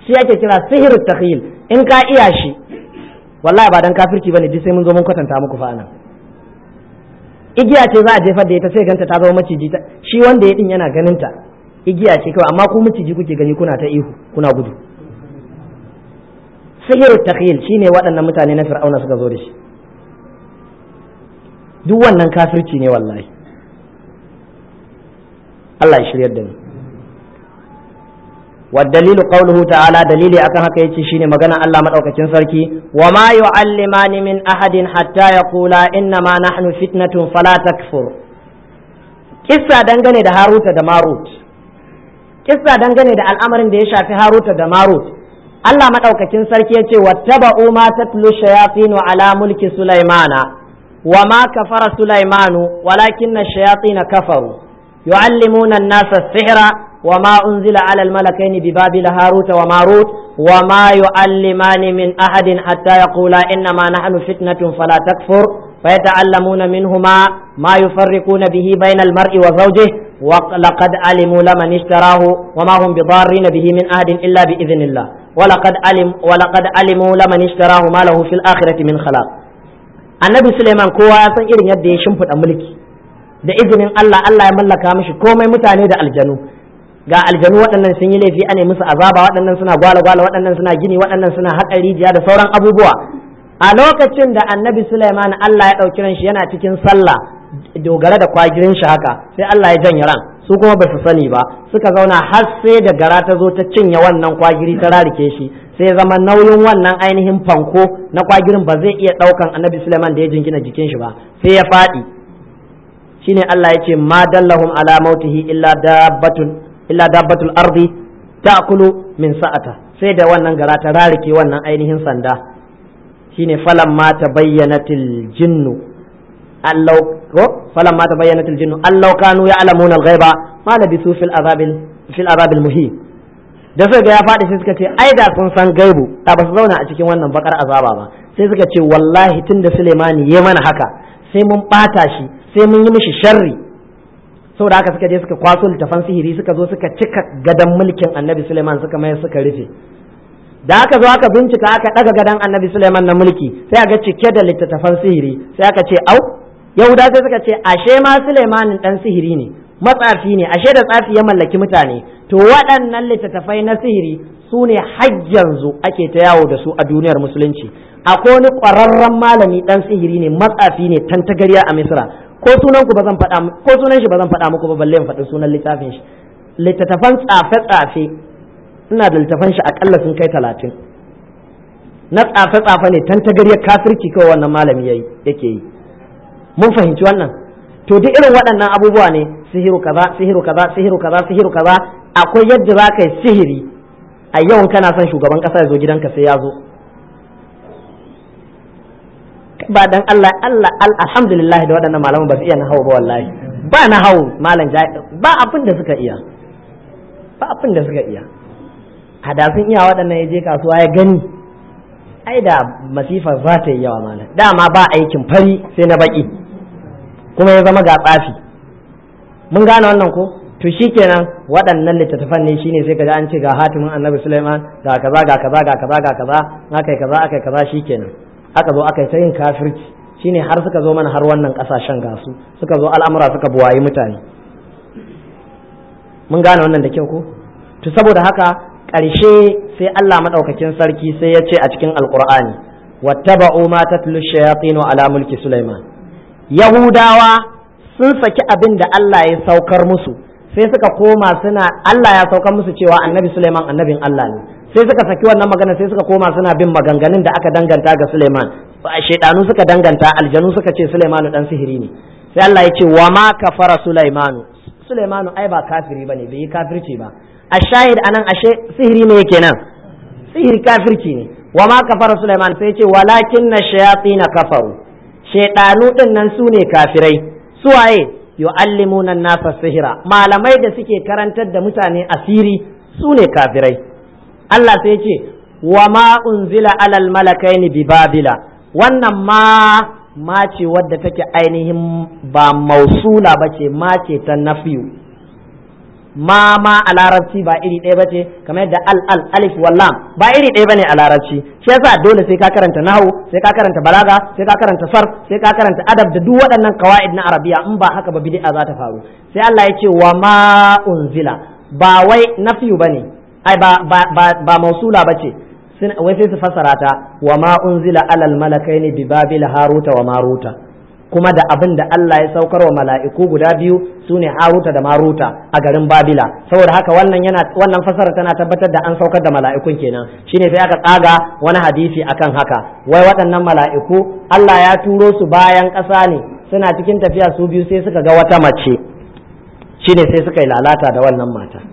Speaker 1: shi yake kira sihirin takhyil in ka iya shi wallahi ba dan kafirci bane ji sai mun zo mun kwatanta muku fa anan igiya ce za a jefar da ita sai ganta ta zama maciji ta. shi wanda ya din yana ganin ta igiya ce kawai amma ku maciji kuke gani kuna ta ihu kuna gudu sihiru takhil shine waɗannan mutane na fir'auna suka zo da shi duk wannan kafirci ne wallahi Allah ya shiryar da ni Wa dalilu قوله ta'ala, dalili akan haka yace shine magana Allah madaukakin sarki wama yu'allimani min ahadin hatta yaqula inna ma nahnu fitnatun fala takfur kissa dangane da Haruta da Marut kissa dangane da al'amarin da ya shafi Haruta da Marut Allah madaukakin sarki yace wattaba'u ma tatlu shayatin ala mulki Sulaimana wama kafara Sulaimanu walakinna shayatin kafaru yu'allimuna an-nasa sihra وما أنزل على الملكين ببابل هاروت وماروت وما يعلمان من أحد حتى يقولا إنما نحن فتنة فلا تكفر فيتعلمون منهما ما يفرقون به بين المرء وزوجه ولقد علموا لمن اشتراه وما هم بضارين به من أحد إلا بإذن الله ولقد علم ولقد علموا لمن اشتراه ما له في الآخرة من خلاق النبي سليمان كوا سن irin yadda ya shimfida mulki da izinin Allah Allah ya mallaka mishi komai mutane da aljanu ga aljanu waɗannan sun yi laifi ana musu azaba waɗannan suna gwala gwala waɗannan suna gini waɗannan suna haƙa rijiya da sauran abubuwa a lokacin da annabi Sulaiman Allah ya ɗauki ran shi yana cikin sallah dogara da kwagirin shi haka sai Allah ya janye ran su kuma ba su sani ba suka zauna har sai da gara ta zo ta cinye wannan kwagiri ta rarike shi sai zama nauyin wannan ainihin fanko na kwagirin ba zai iya ɗaukan annabi Sulaiman da ya jingina jikin shi ba sai ya faɗi shine Allah ya ce ma dallahum ala mautihi illa dabbatun illa dabbatul ardi ta'kulu min sa'ata sai da wannan gara ta rarike wannan ainihin sanda shine falan ma tabayyanatil jinnu allau ko ma tabayyanatil jinnu allau kanu ya'lamuna al-ghaiba ma labisu fil azabil fil azabil muhim da sai ga ya faɗi sai suka ce ai da sun san gaibu da ba su zauna a cikin wannan bakar azaba ba sai suka ce wallahi tunda Sulemani ya mana haka sai mun ɓata shi sai mun yi mishi sharri da aka suka je suka kwaso littafan sihiri suka zo suka cika gadon mulkin annabi suleiman suka mai suka rufe da aka zo aka bincika aka ɗaga gadon annabi suleiman na mulki sai aka cike da littattafan sihiri sai aka ce au yahuda sai suka ce ashe ma suleimanin dan sihiri ne matsafi ne ashe da tsafi ya mallaki mutane to waɗannan littattafai na sihiri su ne yanzu ake ta yawo da su a duniyar musulunci akwai wani ƙwararren malami ɗan sihiri ne matsafi ne tantagariya a misra ko sunan ku ba zan faɗa ko sunan shi ba zan faɗa muku ba balle in faɗi sunan littafin shi littattafan tsafe tsafe ina da littafan shi akalla sun kai talatin na tsafe tsafe ne tan tagaryar kafirci kawai wannan malami yayi yake yi mun fahimci wannan to duk irin waɗannan abubuwa ne sihiru kaza sihiru kaza sihiru kaza sihiru kaza akwai yadda za ka yi sihiri a yau kana son shugaban kasa ya zo gidanka sai ya zo ba dan Allah Allah alhamdulillah da waɗannan malaman ba su iya na hau ba wallahi ba na hau malam ba abin da suka iya ba abin da suka iya a da sun iya waɗannan ya je kasuwa ya gani ai da masifa za ta yi yawa malam dama ba aikin fari sai na baki kuma ya zama ga tsafi mun gane wannan ko to shikenan waɗannan littattafan ne shine sai kaga an ce ga hatimin annabi Sulaiman ga kaza ga kaza ga kaza ga kaza akai kaza akai kaza shikenan aka zo aka yi ta yin kafirci shine har suka zo mana har wannan kasashen gasu suka zo al'amura suka buwayi mutane mun gane wannan da kyau ko to saboda haka ƙarshe sai Allah madaukakin sarki sai ya ce a cikin alqur'ani wattaba'u ma tatlu shayatin ala mulki sulaiman yahudawa sun saki abin da Allah ya saukar musu sai suka koma suna Allah ya saukar musu cewa annabi sulaiman annabin Allah ne sai suka saki wannan magana sai suka koma suna bin maganganun da aka danganta ga Suleiman shaidanu suka danganta aljanu suka ce Suleiman dan sihiri ne sai Allah ya ce wa ma kafara Suleiman Suleiman ai ba kafiri bane bai yi kafirci ba ashahid anan ashe sihiri ne kenan sihiri kafirci ne wa ma kafara Suleiman sai ya ce walakin na shayatin kafaru shaidanu din nan su ne kafirai su suwaye yu'allimuna nasa sihira malamai da suke karantar da mutane asiri su ne kafirai Allah sai ce wa ma unzila alal malakaini bi babila wannan ma ma ce wadda take ainihin ba mausula ba ce ma ce ta nafiyu ma ma a larabci ba iri ɗaya ba ce kamar yadda al al alif wallam ba iri ɗaya bane a larabci shi yasa dole sai ka karanta nahu sai ka karanta balaga sai ka karanta sarf sai ka karanta adab da duk waɗannan kawa'id na arabiya in ba haka ba bid'a za ta faru sai Allah ya ce wa ma unzila ba wai nafiyu bane ai ba ba ba mausula bace wai sai su fasara ta wa ma unzila alal malakaini bi babil haruta wa maruta kuma da abin da Allah ya saukar wa mala'iku guda biyu su haruta da maruta a garin babila saboda haka wannan yana wannan fasara tana tabbatar da an saukar da mala'ikun kenan shine sai aka tsaga wani hadisi akan haka wai waɗannan mala'iku Allah ya turo su bayan ƙasa ne suna cikin tafiya su biyu sai suka ga wata mace shine sai suka yi lalata da wannan mata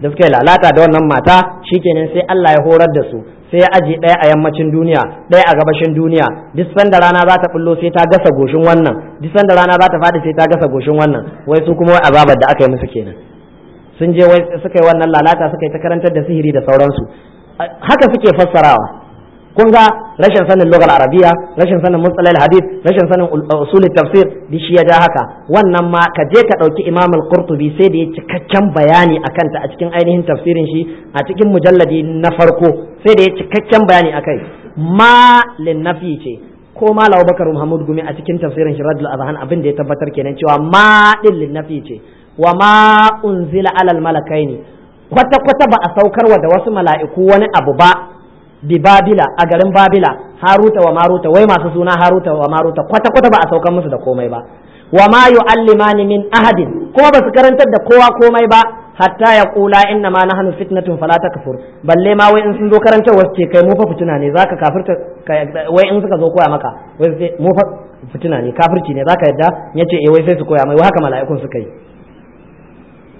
Speaker 1: da suka yi lalata da wannan mata shikenan sai Allah ya horar da su sai ya ajiye ɗaya a yammacin duniya ɗaya a gabashin duniya duk sanda rana za ta bullo sai ta gasa goshin wannan duk sanda rana za ta faɗi sai ta gasa goshin wannan wai su kuma azabar da aka yi musu kenan sun je wai suka yi wannan lalata suka yi ta karantar da sihiri da sauransu haka suke fassarawa kun ga rashin sanin lugar arabiya rashin sanin mustalahil hadith rashin sanin uh, usul tafsir di shi ya ja haka wannan ma ka je ka dauki imam al-qurtubi sai da ya cikakken bayani akan ta a cikin ainihin tafsirin shi a cikin mujalladi na farko sai da ya cikakken bayani akai ma linnafi ce ko ma Bakar Muhammad Gumi a cikin tafsirin shi Radul Azhan abin da ya tabbatar kenan cewa ma din linnafi ce wa ma unzila alal malakaini kwata kwata ba a saukarwa da wasu mala'iku wani abu ba bi babila a garin babila haruta wa maruta wai masu suna haruta wa maruta kwata kwata ba a saukan musu da komai ba wa ma yu'allimani min ahadin kuma ba su karantar da kowa komai ba hatta ya kula inna ma nahnu fitnatun fala takfur balle ma wai in sun zo karantar wasu ce kai mu fa fituna ne zaka kafirta wai in suka zo koya maka wai mu fa fituna ne kafirci ne zaka yadda yace eh wai sai su koya mai wai haka mala'ikun suka yi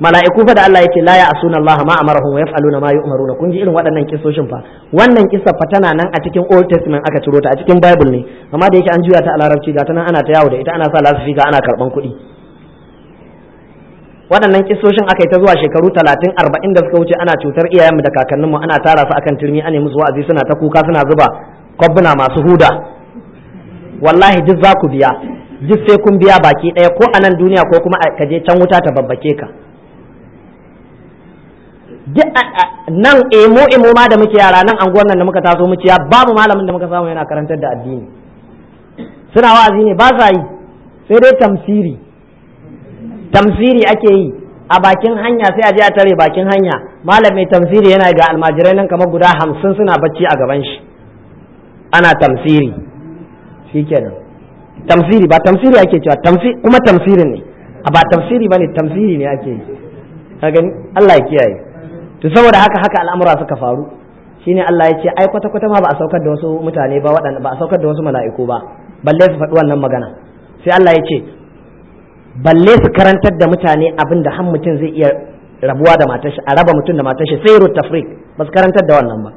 Speaker 1: mala'iku fa da Allah yake la ya'suna Allah ma amarahum wa yaf'aluna ma yu'maruna kun ji irin waɗannan kisoshin fa wannan kissa fa tana nan a cikin Old Testament aka ciro ta a cikin Bible ne amma da yake an juya ta a larabci ga ta nan ana ta yawo da ita ana sa lasifika ana karban kuɗi waɗannan kisoshin aka yi ta zuwa shekaru talatin arba'in da suka wuce ana cutar iyayenmu da kakanninmu ana tara su akan turmi ana musu wa'azi suna ta kuka suna zuba kwabbuna masu huda wallahi duk za ku biya duk sai kun biya baki ɗaya ko a nan duniya ko kuma ka je can wuta ta babbake ka nan emo eh, emo eh, ma da muke yara nan anguwar nan da muka taso muciya babu malamin da muka samu yana karantar da addini suna wa'azi ne ba sa yi sai dai tamsiri tamsiri ake yi a bakin hanya sai a je a tare bakin hanya malam mai tamsiri yana ga almajirai nan kamar guda hamsin suna bacci a gaban shi ana tamsiri shikenan tamsiri ba tamsiri ake cewa tamsiri kuma tamsirin ne ba tamsiri bane tamsiri ne ake yi ka gani Allah ya kiyaye to saboda haka haka al'amura suka faru shine Allah ya ce ai kwata kwata ma ba a saukar da wasu mutane ba waɗanda ba a saukar da wasu mala'iku ba balle su faɗi wannan magana sai Allah ya ce balle su karantar da mutane abin da har mutum zai iya rabuwa da matashi a raba mutum da matashi shi sai tafrik ba su karantar da wannan ba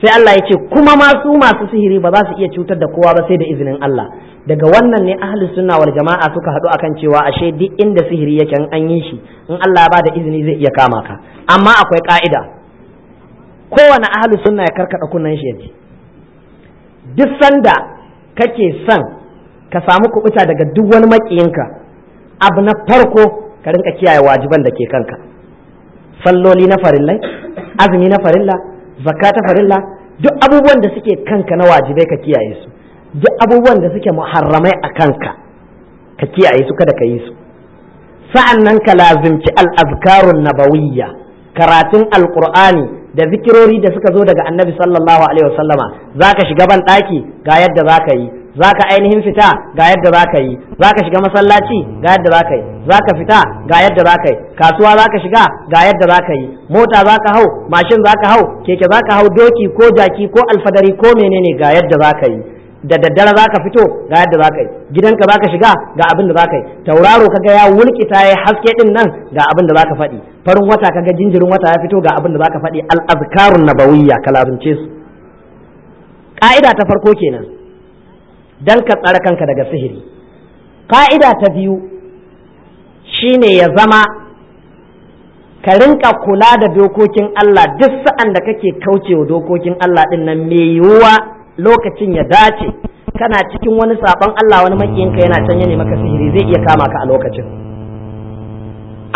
Speaker 1: sai Allah ya ce kuma masu masu sihiri ba za su iya cutar da kowa ba sai da izinin Allah daga wannan ne ahli sunna wal jama'a suka haɗu akan cewa ashe duk inda sihiri yake in an yi shi in Allah ba da izini zai iya kama ka amma akwai ka'ida kowane ahli sunna ya karkada kunnan shi yaji duk sanda kake san ka samu kubuta daga duk wani makiyinka abu na farko ka rinka kiyaye wajiban da ke kanka salloli na farilla azumi na farilla zakka ta farilla duk abubuwan da suke kanka na wajibai ka kiyaye su duk abubuwan da suke muharramai a kanka ka kiyaye su kada ka yi su sa'an nan ka lazimci al'azkarun nabawiyya karatun alƙur'ani da zikirori da suka zo daga annabi sallallahu alaihi wasallama za ka shiga ban ɗaki ga yadda za ka yi Za ka ainihin fita ga yadda za ka yi Za ka shiga masallaci ga yadda za ka yi Za ka fita ga yadda za ka yi kasuwa za ka shiga ga yadda za ka yi mota za ka hau mashin za ka hau keke za ka hau doki ko jaki ko alfadari ko menene ga yadda za ka yi da daddare ka fito ga yadda za ka yi gidanka ka shiga ga abin da za ka yi tauraro ka ga ya wulkita ya haske din nan ga abin da za ka faɗi farin wata ka ga jinjirin wata ya fito ga abin da za ka faɗi na azkarun nabawiyya kalabince su ka'ida ta farko kenan dan ka tsara kanka daga sihiri fa'ida ta biyu shine ya zama ka rinka kula da dokokin Allah duk sa'an da kake kaucewa dokokin Allah din nan mai yiwuwa lokacin ya dace kana cikin wani saɓon Allah wani makiyinka yana can ne maka sihiri zai iya kama ka a lokacin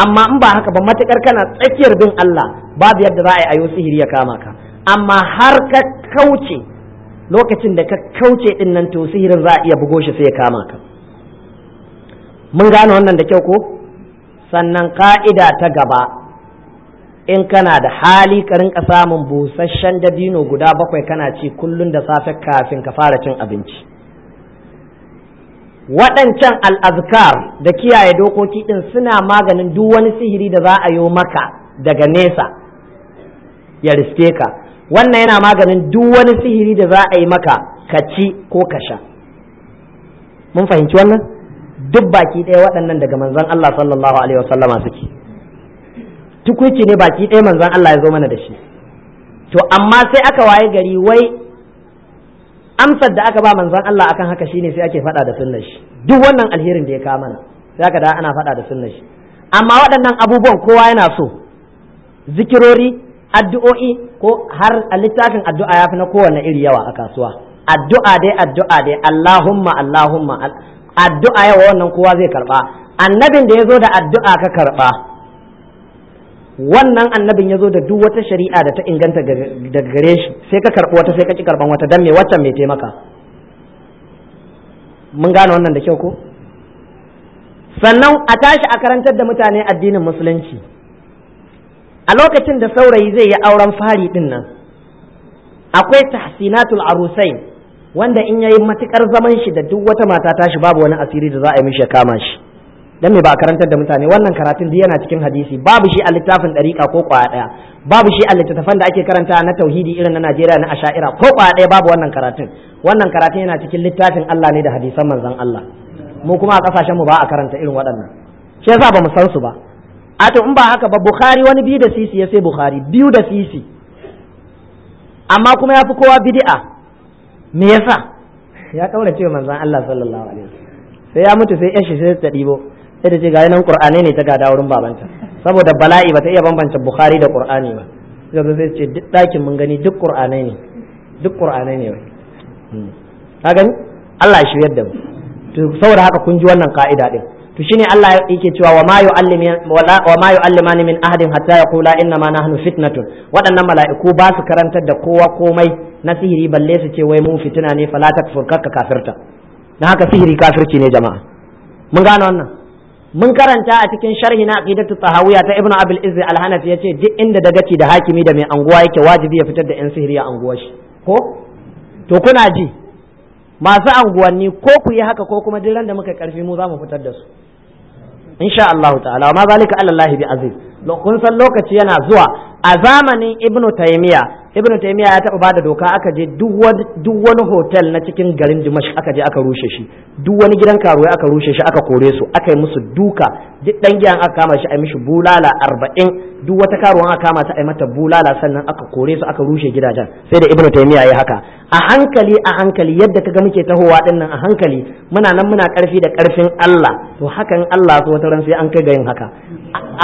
Speaker 1: amma in ba haka ba matukar kana tsakiyar bin Allah babu yadda za a yi ayo sihiri ya kama ka amma har ka kauce lokacin da ka kauce din nan to sihirin za a iya bugo shi sai ya kama ka mun gane wannan da kyau ko sannan ka'ida ta gaba in kana da hali ka rinka samun busasshen dabino guda bakwai kana ci kullum da safe kafin ka fara cin abinci waɗancan al'azkar da kiyaye dokoki ɗin suna maganin duk wani sihiri da za a yi maka daga nesa ya riske ka wannan yana maganin duk wani sihiri da za a yi maka ka ci ko ka sha mun fahimci wannan duk baki ɗaya waɗannan daga manzon Allah sallallahu alaihi wasallama suke tukuci ne baki ɗaya manzon Allah ya zo mana da shi to amma sai aka waye gari wai amsar da aka ba manzon Allah akan haka shine sai ake faɗa da sunnar shi duk wannan alherin da ya kawo mana sai aka da ana faɗa da sunnar shi amma waɗannan abubuwan kowa yana so zikirori addu'o'i ko har a littafin addu'a ya fi na kowane iri yawa a kasuwa addu'a dai addu'a dai Allahumma Allahumma addu'a yawa wannan kowa zai karba annabin da ya zo da addu'a ka karba wannan annabin ya zo da duk wata shari'a da ta inganta daga gare shi sai ka karɓi wata sai ka ki karɓan wata dan me waccan mai taimaka mun gane wannan da kyau ko sannan a tashi a karantar da mutane addinin musulunci a lokacin da saurayi zai yi auren fari din nan akwai tahsinatul arusai, wanda in yayi matukar zaman shi da duk wata mata ta shi, babu wani asiri da za a yi mishi kama shi dan me ba a karantar da mutane wannan karatun da yana cikin hadisi babu shi a littafin dariqa ko kwaya daya babu shi a littattafan da ake karanta na tauhidi irin na Najeriya na asha'ira ko kwaya daya babu wannan karatun wannan karatun yana cikin littafin Allah ne da hadisan manzon Allah mu kuma a kasashen mu ba a karanta irin waɗannan shi yasa ba mu san su ba a to in ba haka ba bukhari wani biyu da sisi ya sai bukhari biyu da sisi amma kuma ya fi kowa bidi'a me yasa ya kaura cewa manzan Allah sallallahu alaihi wasallam sai ya mutu sai yashi sai ta dibo sai ta ce ga nan qur'ani ne ta gada wurin babanta saboda bala'i ba ta iya bambance bukhari da qur'ani ba sai sai ce duk dakin mun gani duk qur'ani ne duk qur'ani ne hmm. ka gani Allah shi yadda mu to saboda haka kun ji wannan ka'ida din to shine Allah yake cewa wa ma yu'allimi wa ma yu'allimani min ahadin hatta yaqula inna ma nahnu fitnatun wadannan mala'iku ba su karantar da kowa komai na sihiri balle su ce wai mu fitina ne fala takfur ka kafirta dan haka sihiri kafirci ne jama'a mun gane wannan mun karanta a cikin sharhi na aqidatu tahawiyya ta ibnu Abil izzi al-hanafi yace duk inda gaci da hakimi da mai anguwa yake wajibi ya fitar da yan sihiri a anguwar shi ko to kuna ji masu anguwanni ko ku yi haka ko kuma duk da muka karfi mu za mu fitar da su insha Allah ta'ala ma zalika Allah bi aziz kun san lokaci yana zuwa a zamanin ibnu taymiya ibn taymiya ya taba bada doka aka je duk wani hotel na cikin garin dimash aka je aka rushe shi duk wani gidan karuwa aka rushe shi aka kore su aka yi musu duka duk dan giyan aka kama shi a mishi bulala arba'in duk wata karuwan aka kama ta a mata bulala sannan aka kore su aka rushe gidajen sai da ibn taymiya ya haka a hankali a hankali yadda kaga muke tahowa din a hankali muna nan muna karfi da karfin Allah to hakan Allah so ta ran sai an kai ga yin haka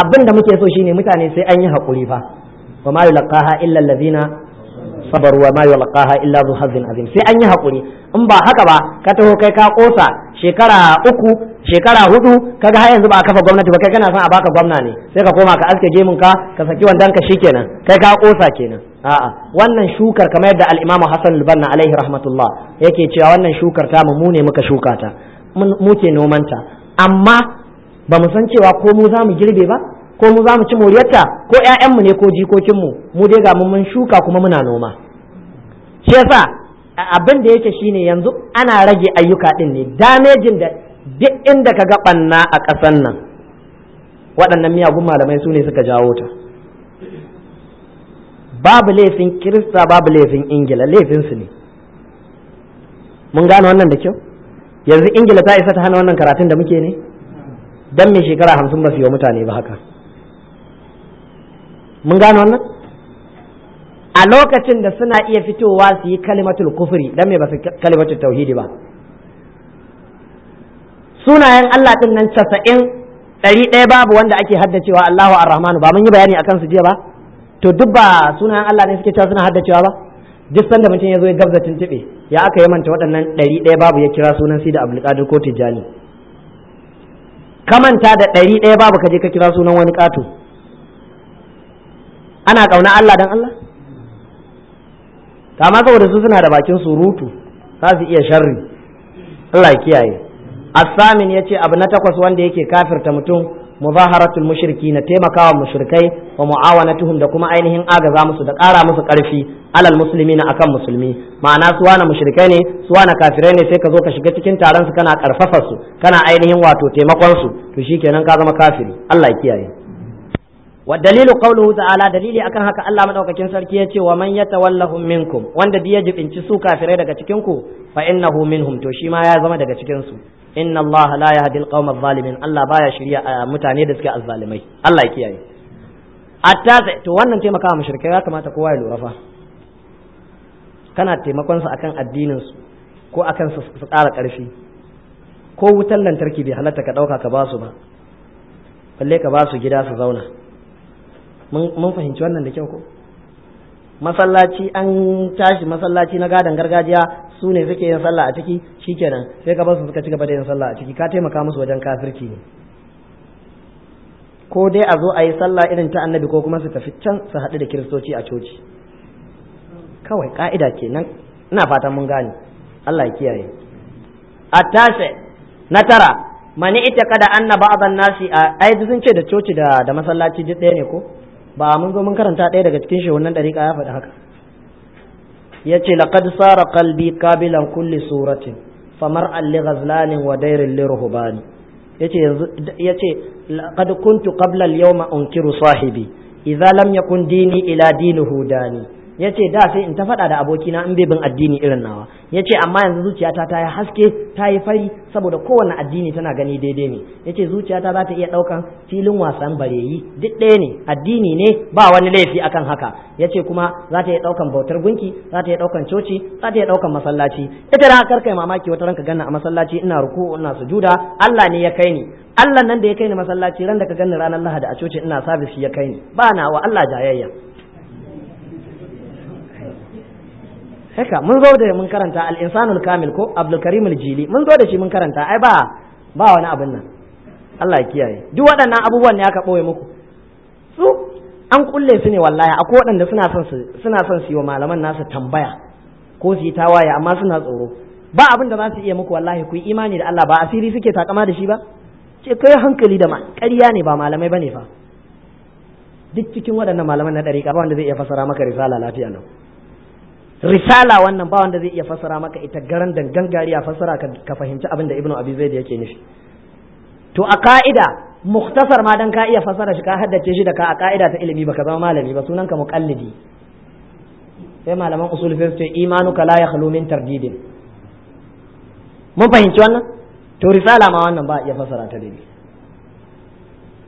Speaker 1: abin da muke so shine mutane sai an yi hakuri fa wa ma yulqaha illa allazina sabar wa ma yulqaha illa zu azim sai an yi hakuri in ba haka ba ka taho kai ka kosa shekara uku shekara hudu kaga har yanzu ba a kafa gwamnati ba kai kana son a baka gwamna ne sai ka koma ka aske gemin ka ka saki wandan ka shi kenan kai ka kosa kenan a'a wannan shukar kamar yadda al-Imam Hassan al-Banna alaihi rahmatullah yake cewa wannan shukar ta mu ne muka shuka ta mu ke nomanta amma ba mu san cewa ko mu zamu girbe ba ko mu za mu ci moriyarta ko 'ya'yanmu ne ko jikokinmu mu dai ga mun shuka kuma muna noma shi yasa abin da yake shine yanzu ana rage ayyuka din ne damejin da duk inda ka ga banna a ƙasan nan waɗannan miyagun malamai su ne suka jawo ta babu laifin kirista babu laifin ingila laifin ne mun gane wannan da kyau yanzu ingila ta isa ta hana wannan karatun da muke ne dan mai shekara hamsin ba su yi wa mutane ba haka mun gano wannan a lokacin da suna iya fitowa su yi kalimatul kufri dan me ba su kalimatul tauhidi ba sunayen Allah din nan casa'in ɗari ɗaya babu wanda ake haddacewa Allahu ar-Rahman ba mun yi bayani akan su jiya ba to duk ba sunayen Allah ne suke cewa suna haddacewa ba duk sanda mutum ya zo ya gabza tuntuɓe ya aka yi manta waɗannan ɗari ɗaya babu ya kira sunan da abdulkadir ko tijjani ka manta da ɗari ɗaya babu ka je ka kira sunan wani ƙato ana kauna Allah dan Allah kama saboda su suna da bakin surutu za su iya sharri Allah ya kiyaye ya yace abu na takwas wanda yake kafirta mutum muzaharatul mushriki na taimakawa mushrikai wa mu'awanatuhum da kuma ainihin agaza musu da ƙara musu ƙarfi alal musulmi na akan musulmi ma'ana su wani mushrikai ne su wani kafirai ne sai ka zo ka shiga cikin taron su kana ƙarfafa su kana ainihin wato taimakon su to shikenan ka zama kafiri Allah ya kiyaye wa dalilu qawluhu ta'ala dalili akan haka Allah madaukakin sarki ya ce wa man yatawallahum minkum wanda diya jibinci su kafirai daga cikin ku fa innahu minhum to shi ma ya zama daga cikin su inna Allah la yahdi al-qawma adh-dhalimin Allah baya shirya mutane da suke azzalimai Allah ya kiyaye atta to wannan taimakawa mushrikai ya kamata kowa ya lura fa kana taimakon su akan addinin su ko akan su su tsara ƙarfi ko wutar lantarki bai halatta ka ɗauka ka ba su ba balle ka ba su gida su zauna mun fahimci wannan da kyau ko masallaci an tashi masallaci na gadon gargajiya su ne suke yin sallah a ciki shikenan sai ka basu suka ci gaba da yin sallah a ciki ka taimaka musu wajen kafirci ne ko dai a zo a yi sallah irin ta annabi ko kuma su tafi can su haɗu da kiristoci a coci kawai ka'ida kenan ina fatan mun gane Allah ya kiyaye a na tara mani ita kada anna ban nasi a ai sun ce da coci da da masallaci duk ɗaya ne ko ba mun zo mun karanta ɗaya daga cikin shi wannan ɗariƙa ya faɗi haka ya ce laqad sara qalbi qabilan kulli suratin famar alli ghazlanin wa dairin li ruhbani yace yace laqad kuntu qabla al-yawma unkiru sahibi idza lam yakun dini ila dini hudani ya ce da sai in ta faɗa da abokina in bai bin addini irin nawa yace amma yanzu zuciyata ta yi haske ta yi fari saboda kowane addini tana gani daidai ne ya ce zuciyata za ta iya ɗaukan filin wasan bareyi duk ɗaya ne addini ne ba wani laifi akan haka ya ce kuma za ta iya ɗaukan bautar gunki za ta iya ɗaukan coci za ta iya ɗaukan masallaci ita da kar kai mamaki wata ranka ganna a masallaci ina ruku ina sujuda Allah ne ya kai ni Allah nan da ya kai ni masallaci ran da ka ganni ranar Lahadi a coci ina sabis ya kai ni ba na wa Allah jayayya Eka mun zo da mun karanta al-insanul kamil ko abdul karim al-jili mun zo da shi mun karanta ai ba ba wani abin nan Allah ya kiyaye duk waɗannan abubuwan ne aka ɓoye muku su an kulle su ne wallahi akwai waɗanda suna son su suna son su yi wa malaman nasu tambaya ko su yi tawaye amma suna tsoro ba abin da za su iya muku wallahi ku yi imani da Allah ba asiri suke takama da shi ba ce kai hankali da ƙarya ne ba malamai bane fa duk cikin waɗannan malaman na ɗari ba wanda zai iya fasara maka risala lafiya nan risala wannan ba wanda zai iya fasara maka ita garan dangan gariya fasara ka fahimci abin da ibnu abi zaid yake nufi to a ka'ida muktasar ma dan ka iya fasara shi ka haddace shi da ka a ka'ida ta ilimi baka zama malami ba sunanka muqallidi sai malaman usul fiqh ce imanuka la yakhlu min tardidin mun fahimci wannan to risala ma wannan ba iya fasara ta daidai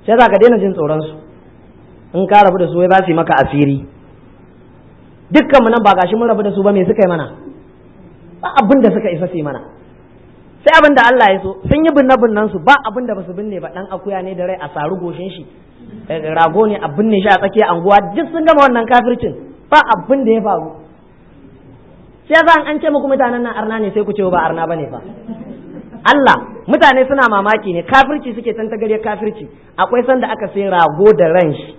Speaker 1: sai za ka daina jin tsoron su in ka rabu da su sai ba su yi maka asiri dukkan mu nan ba gashi mun rabu da su ba me suka yi mana ba abin da suka isa su yi mana sai abin da Allah ya so sun yi binne binnen su ba abin da basu binne ba dan akuya ne da rai a saru goshin shi eh, rago ne a binne shi a tsakiyar anguwa duk sun gama wannan kafircin ba abin da ya faru sai yasa an ce muku mutanen nan arna ne sai ku ce ba arna bane fa Allah mutane suna mamaki ne kafirci suke san ta kafirci akwai sanda aka sai rago da ran shi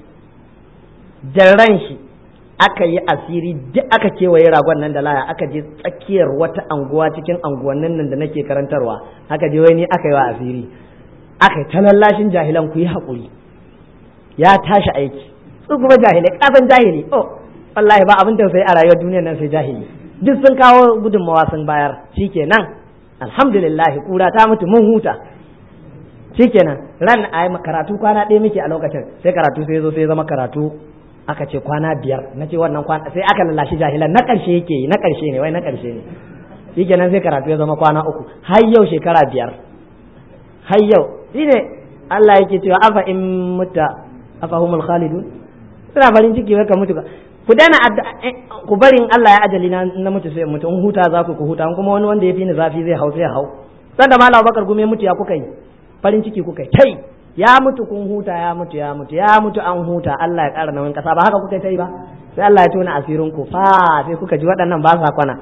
Speaker 1: da ran shi aka yi asiri duk aka kewaye ragon nan da laya aka je tsakiyar wata anguwa cikin anguwannin nan da nake karantarwa aka je wai aka yi wa asiri aka yi ta lallashin jahilan ku yi haƙuri ya tashi aiki su kuma jahilai kasan jahili oh wallahi ba abin da tausayi a rayuwar duniyar nan sai jahili duk sun kawo gudunmawa sun bayar shikenan alhamdulillah kura ta mutu mun huta shikenan ran a karatu kwana ɗaya muke a lokacin sai karatu sai zo sai zama karatu aka ce kwana biyar na ce wannan kwana sai aka lallashi jahilan na ƙarshe yake yi na ƙarshe ne wai na ƙarshe ne shi kenan sai karatu ya zama kwana uku har yau shekara biyar har yau shi ne Allah yake cewa afa in muta afa humul khalidun suna farin ciki wai ka mutu ku dana eh, ku bari in Allah ya ajali na na mutu sai mutu in huta za ku huta kuma wani wanda ya fi ni zafi zai hau sai hau sanda malam bakar gume mutu ya kuka yi farin ciki kuka yi kai ya mutu kun huta ya mutu ya mutu ya mutu an huta Allah ya ƙara nauyin ƙasa ba haka kuka ta yi ba sai Allah ya tona asirin ku fa sai kuka ji waɗannan ba sa kwana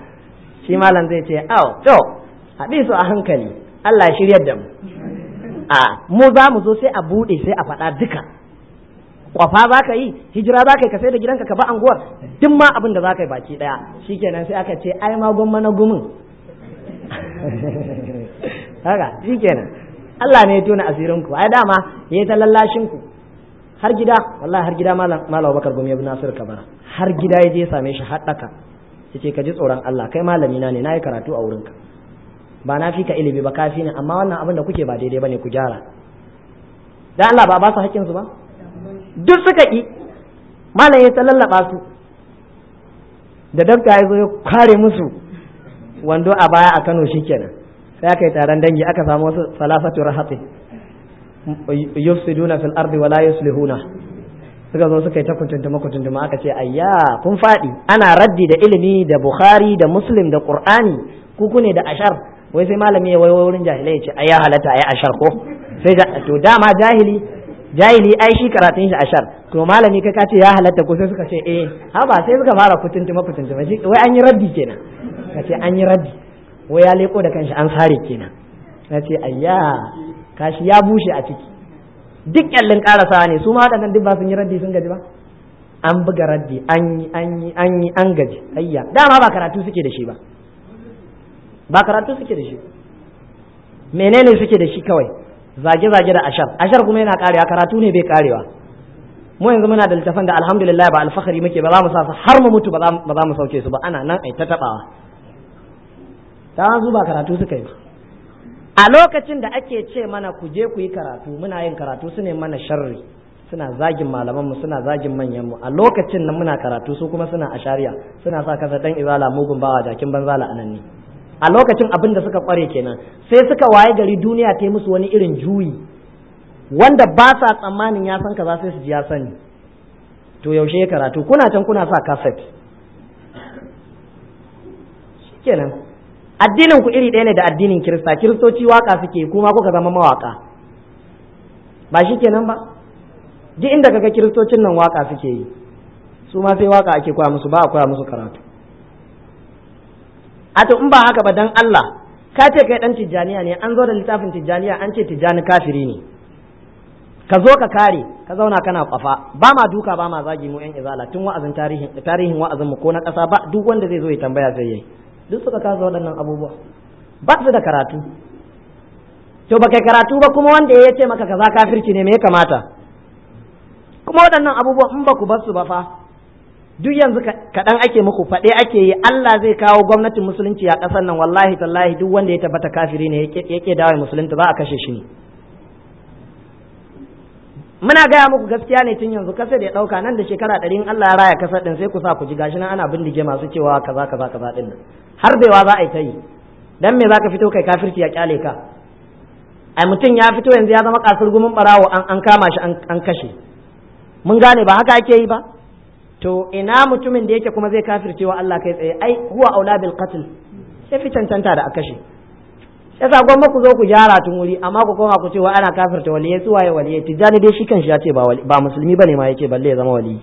Speaker 1: shi malam zai ce aw to hadisu a hankali Allah ya shiryar da mu a mu za mu zo sai a buɗe sai a faɗa duka kwafa za ka yi hijira za ka yi ka sai da gidanka ka ba anguwar duk ma abin da za ka yi baki ɗaya shikenan sai aka ce ai ma gwamma gumin <laughs> haka shikenan Allah ne ya tona asirin ku ai dama yi ta lallashin ku har gida wallahi har gida malam malam Bakar Gumi ibn Nasir Kabara har gida ya je ya same shi haddaka yace ka ji tsoron Allah kai malami na ne nayi karatu a wurinka ba na fi ka ilimi ba kafi ne amma wannan abin da kuke ba daidai bane ku gyara dan Allah ba ba su hakkin su ba duk suka ki malam ya ta lallaba su da dabta ya zo ya kare musu wando a baya a Kano shikenan sai aka yi taron dangi aka samu wasu salafatu rahati yufsiduna fil ardi wala yuslihuna suka zo suka yi ta kuntuntuma kuntuntuma aka ce ayya kun fadi ana raddi da ilimi da bukhari da muslim da qur'ani ku ne da ashar wai sai malami ya wai wurin jahilai ya ce ayya halatta ayi ashar ko sai to dama jahili jahili ai shi karatun shi ashar to malami kai ka ce ya halatta ko sai suka ce eh ha ba sai suka fara kutuntuma kutuntuma wai an yi raddi kenan ka ce an yi raddi wai ya leko da kanshi an sare kenan na ce ayya kashi ya bushe a ciki duk kyallin karasawa ne su ma waɗannan duk ba sun yi raddi sun gaji ba an buga raddi an yi an yi an yi an gaji ayya dama ba karatu suke da shi ba ba karatu suke da shi menene suke da shi kawai zage-zage da ashar ashar kuma yana karewa karatu ne bai karewa mu yanzu muna da littafan da alhamdulillah ba alfahari muke ba za mu sa har mu mutu ba za mu sauke su ba ana nan ai ta tabawa ta su ba karatu suka yi a lokacin da ake ce mana ku je ku yi karatu muna yin karatu su ne mana sharri suna zagin malamanmu, suna zagin manyanmu. a lokacin nan muna karatu su kuma suna a shari'a, suna sa kasa dan izala mugun bawa jakin banza la'anan ne a lokacin abin da suka kware kenan sai suka waye gari duniya ta yi musu wani irin juyi wanda ba sa tsammanin ya san kaza sai su ji ya sani to yaushe ya karatu kuna can kuna sa kaset kenan addinin ku iri ɗaya ne da addinin kirista kiristoci waka suke kuma kuka zama mawaka ba shi kenan ba ji inda kaga kiristocin nan waka suke yi su ma sai waka ake koya musu ba a koya musu karatu a to in ba haka ba dan Allah ka ce kai ɗan tijjaniya ne an zo da littafin tijjaniya an ce tijjani kafiri ne ka zo ka kare ka zauna kana kwafa ba ma duka ba ma zagi mu yan izala tun wa'azin tarihin tarihin wa'azin mu ko na ƙasa ba duk wanda zai zo ya tambaya sai yayi duk suka kasa waɗannan abubuwa ba su da karatu to ba kai karatu ba kuma wanda ya ce maka kaza kafirci ne me ya kamata kuma waɗannan abubuwa in ba ku bar su ba fa duk yanzu kaɗan ake muku faɗe ake yi Allah zai kawo gwamnatin musulunci a ƙasar nan wallahi tallahi duk wanda ya tabbata kafiri ne ya ke dawo musulunta za a kashe shi ne muna gaya muku gaskiya ne tun yanzu kasa da ya dauka nan da shekara ɗari in Allah ya raya kasa din sai ku sa ku ji gashi nan ana bindige masu cewa kaza kaza kaza din nan har baiwa za a yi ta yi dan me zaka fito kai kafirci ya kyale ka ai mutum ya fito yanzu ya zama kasar gumin barawo an an kama shi an kashe mun gane ba haka ake yi ba to ina mutumin da yake kuma zai kafirce wa Allah kai tsaye ai huwa aula bil qatl sai fi cancanta da a kashe yasa gwamma ku zo ku gyara tun wuri amma ku koma ku ce wa ana kafirta waliyai su waye waliyai tijjani dai shi kanshi ya ce ba musulmi bane ma yake balle ya zama wali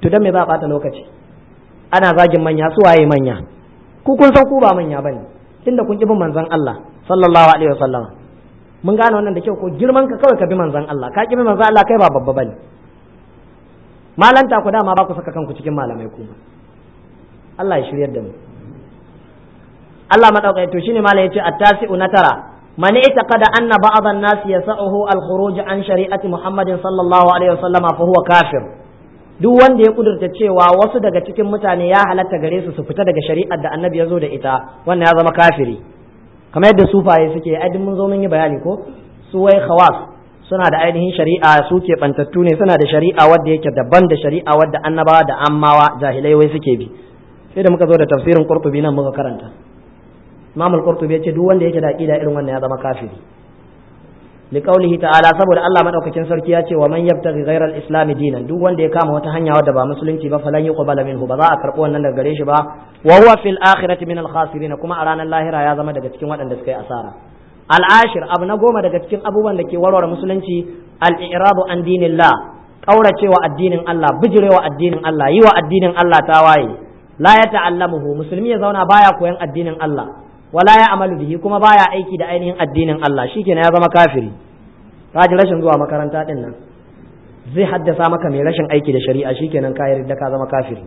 Speaker 1: to dan me za a bata lokaci ana zagin manya su waye manya ku kun san ku ba manya bane tunda kun ki bin manzon Allah sallallahu alaihi wasallam mun gane wannan da kyau ko girman ka kawai ka bi manzon Allah ka ki bi manzon Allah kai ba babba bane malanta ku dama ba ku saka kanku cikin malamai ku Allah ya shiryar da mu Allah madaukakin to shine malam yace at-tasi'u na tara man i'taqada anna ba'd an-nas yasahu al-khuruj an shari'ati Muhammadin sallallahu alaihi wasallam fa huwa kafir duk wanda ya kudurta cewa wasu daga cikin mutane ya halatta gare su su fita daga shari'ar da annabi ya zo da ita wannan ya zama kafiri kamar yadda sufaye suke ai mun zo mun yi bayani ko su wai khawas suna da ainihin shari'a su ke bantattu ne suna da shari'a wadda yake daban da shari'a wadda annabawa da ammawa jahilai wai suke bi sai da muka zo da tafsirin qurtubi nan muka karanta imam al-qurtubi ya ce duk wanda yake da aqida irin wannan ya zama kafiri liqaulihi ta'ala saboda Allah madaukakin sarki ya ce wa man yabtaghi ghayra al-islam dinan duk wanda ya kama wata hanya wadda ba musulunci ba falan yuqbala minhu ba za a karbi wannan daga gare shi ba wa huwa fil akhirati min al-khasirin kuma a ranar lahira ya zama daga cikin waɗanda suka yi asara al-ashir abu na goma daga cikin abubuwan da ke warware musulunci al-i'rabu an dinillah kauracewa addinin Allah bijirewa addinin Allah yi wa addinin Allah tawaye la ya ta'allamuhu musulmi ya zauna baya koyan addinin Allah wala ya amalu bihi kuma baya aiki da ainihin addinin Allah shikenan ya zama kafiri ka ji rashin zuwa makaranta din nan zai haddasa maka mai rashin aiki da shari'a shikenan ka yarda ka zama kafiri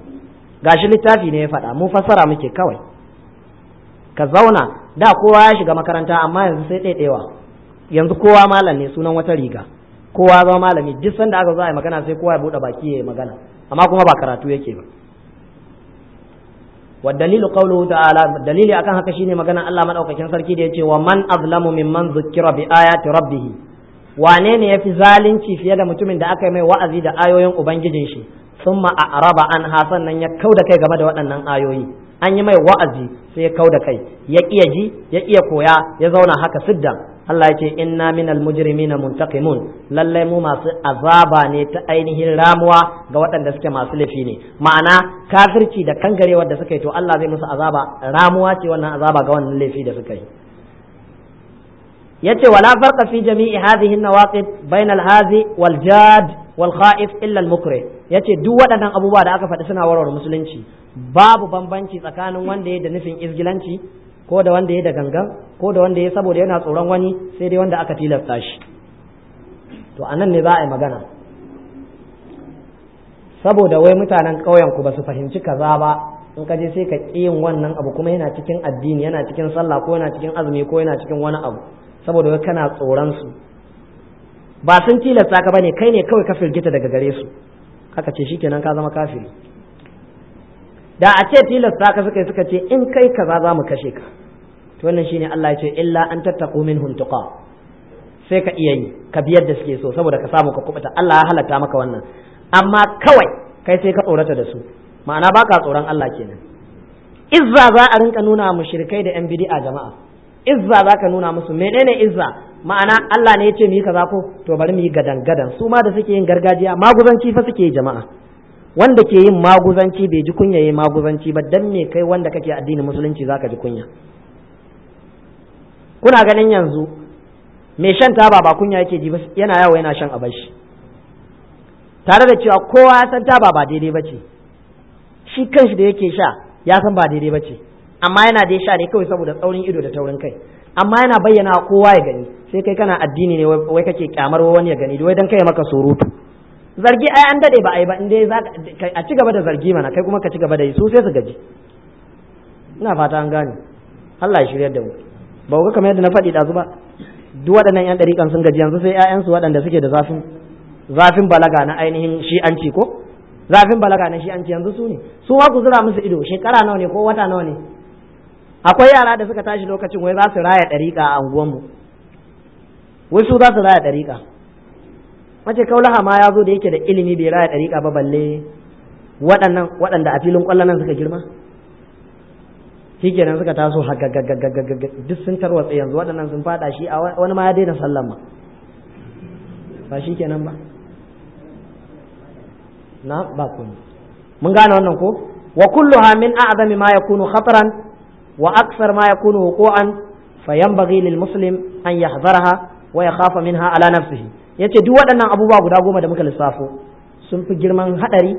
Speaker 1: gashi littafi ne ya faɗa mu fassara muke kawai ka zauna da kowa ya shiga makaranta amma yanzu sai ɗaiɗewa yanzu kowa malam ne sunan wata riga kowa zama malami duk sanda aka zo a magana sai kowa ya buɗe baki ya magana amma kuma ba karatu yake ba wa dalilu qawluhu ta'ala dalili akan haka shine magana Allah madaukakin sarki da yace wa man azlamu mimman zukkira bi ayati rabbih wane ne yafi zalunci fiye da mutumin da aka yi mai wa'azi da ayoyin ubangijin shi summa a'raba an hasan nan ya kauda kai game da waɗannan ayoyi an yi mai wa'azi sai ya kauda kai ya iya ji ya iya koya ya zauna haka siddan Allah ya ce inna minal mujrimina muntaqimun lallai mu masu azaba ne ta ainihin ramuwa ga waɗanda suke masu laifi ne ma'ana kafirci da kangarewar da suka yi to Allah zai musu azaba ramuwa ce wannan azaba ga wannan laifi da suka yi yace wala farqa fi jami'i hadhihi an-nawaqid bayna al-hazi wal jad wal kha'if illa al yace duk waɗannan abubuwa da aka faɗi suna warware musulunci babu bambanci tsakanin wanda ya da nufin izgilanci ko da wanda ya da gangan ko da wanda ya saboda yana tsoron wani sai dai wanda aka tilasta shi to anan ne za a yi magana saboda wai mutanen ƙauyen ku ba su fahimci kaza ba in ka je sai ka yin wannan abu kuma yana cikin addini yana cikin sallah ko yana cikin azumi ko yana cikin wani abu saboda wai kana tsoron su ba sun tilasta ka bane kai ne kawai ka firgita daga gare su aka ce shikenan ka zama kafiri da a ce tilasta ka suka suka ce in kai kaza za mu kashe ka to wannan shine Allah ya ce illa an tattaqu minhum tuqa sai ka iya yi ka biyar da suke so saboda ka samu ka kubuta Allah ya halatta maka wannan amma kawai kai sai ka tsorata da su ma'ana baka tsoron Allah kenan izza za a rinka nuna mushrikai da yan bid'a jama'a izza za ka nuna musu menene izza ma'ana Allah ne ya ce mu yi kaza ko to bari mu yi gadan gadan su ma da suke yin gargajiya guzanci fa suke jama'a wanda ke yin maguzanci bai ji kunya yi maguzanci ba dan me kai wanda kake addinin musulunci zaka ji kunya kuna ganin yanzu mai shan taba ba kunya yake ji yana yawo yana shan abashi tare da cewa kowa ya san taba ba daidai ba ce, shi kanshi da yake sha ya san ba daidai ba ce. amma yana da sha ne kawai saboda tsaurin ido da taurin kai amma yana bayyana kowa ya gani sai kai kana addini ne wai kake kyamar wani ya gani wai dan kai maka surutu zargi ai an dade ba ai ba inda za a ci gaba da zargi mana kai kuma ka ci gaba da yi su sai su gaji ina fata an gane Allah ya shiryar da mu ba ku kamar yadda na faɗi ɗazu ba duk waɗannan yan ɗariƙan sun gaji yanzu sai ƴaƴansu waɗanda suke da zafin zafin balaga na ainihin shi'anci ko zafin balaga na shi'anci yanzu su ne su ma ku zura musu ido shekara nawa ne ko wata nawa ne akwai yara da suka tashi lokacin wai za su raya ɗariƙa a unguwanmu wai su za su raya ɗariƙa mace kaulaha ma ya zo da yake da ilimi bai raya ɗariƙa ba balle waɗannan waɗanda a filin ƙwallon nan suka girma shikenan suka taso duk sun tarwatsa yanzu waɗannan sun faɗa shi a wani ma ya daina sallan ma ba shikenan ba na ba kun mun gane wannan ko wa kulluha min a'zami ma yakunu khataran wa aksar ma yakunu wuqu'an fayanbaghi lil muslim an yahdharaha wa yakhafa minha ala nafsihi ya ce duk waɗannan abubuwa guda goma da muka lissafo sun fi girman haɗari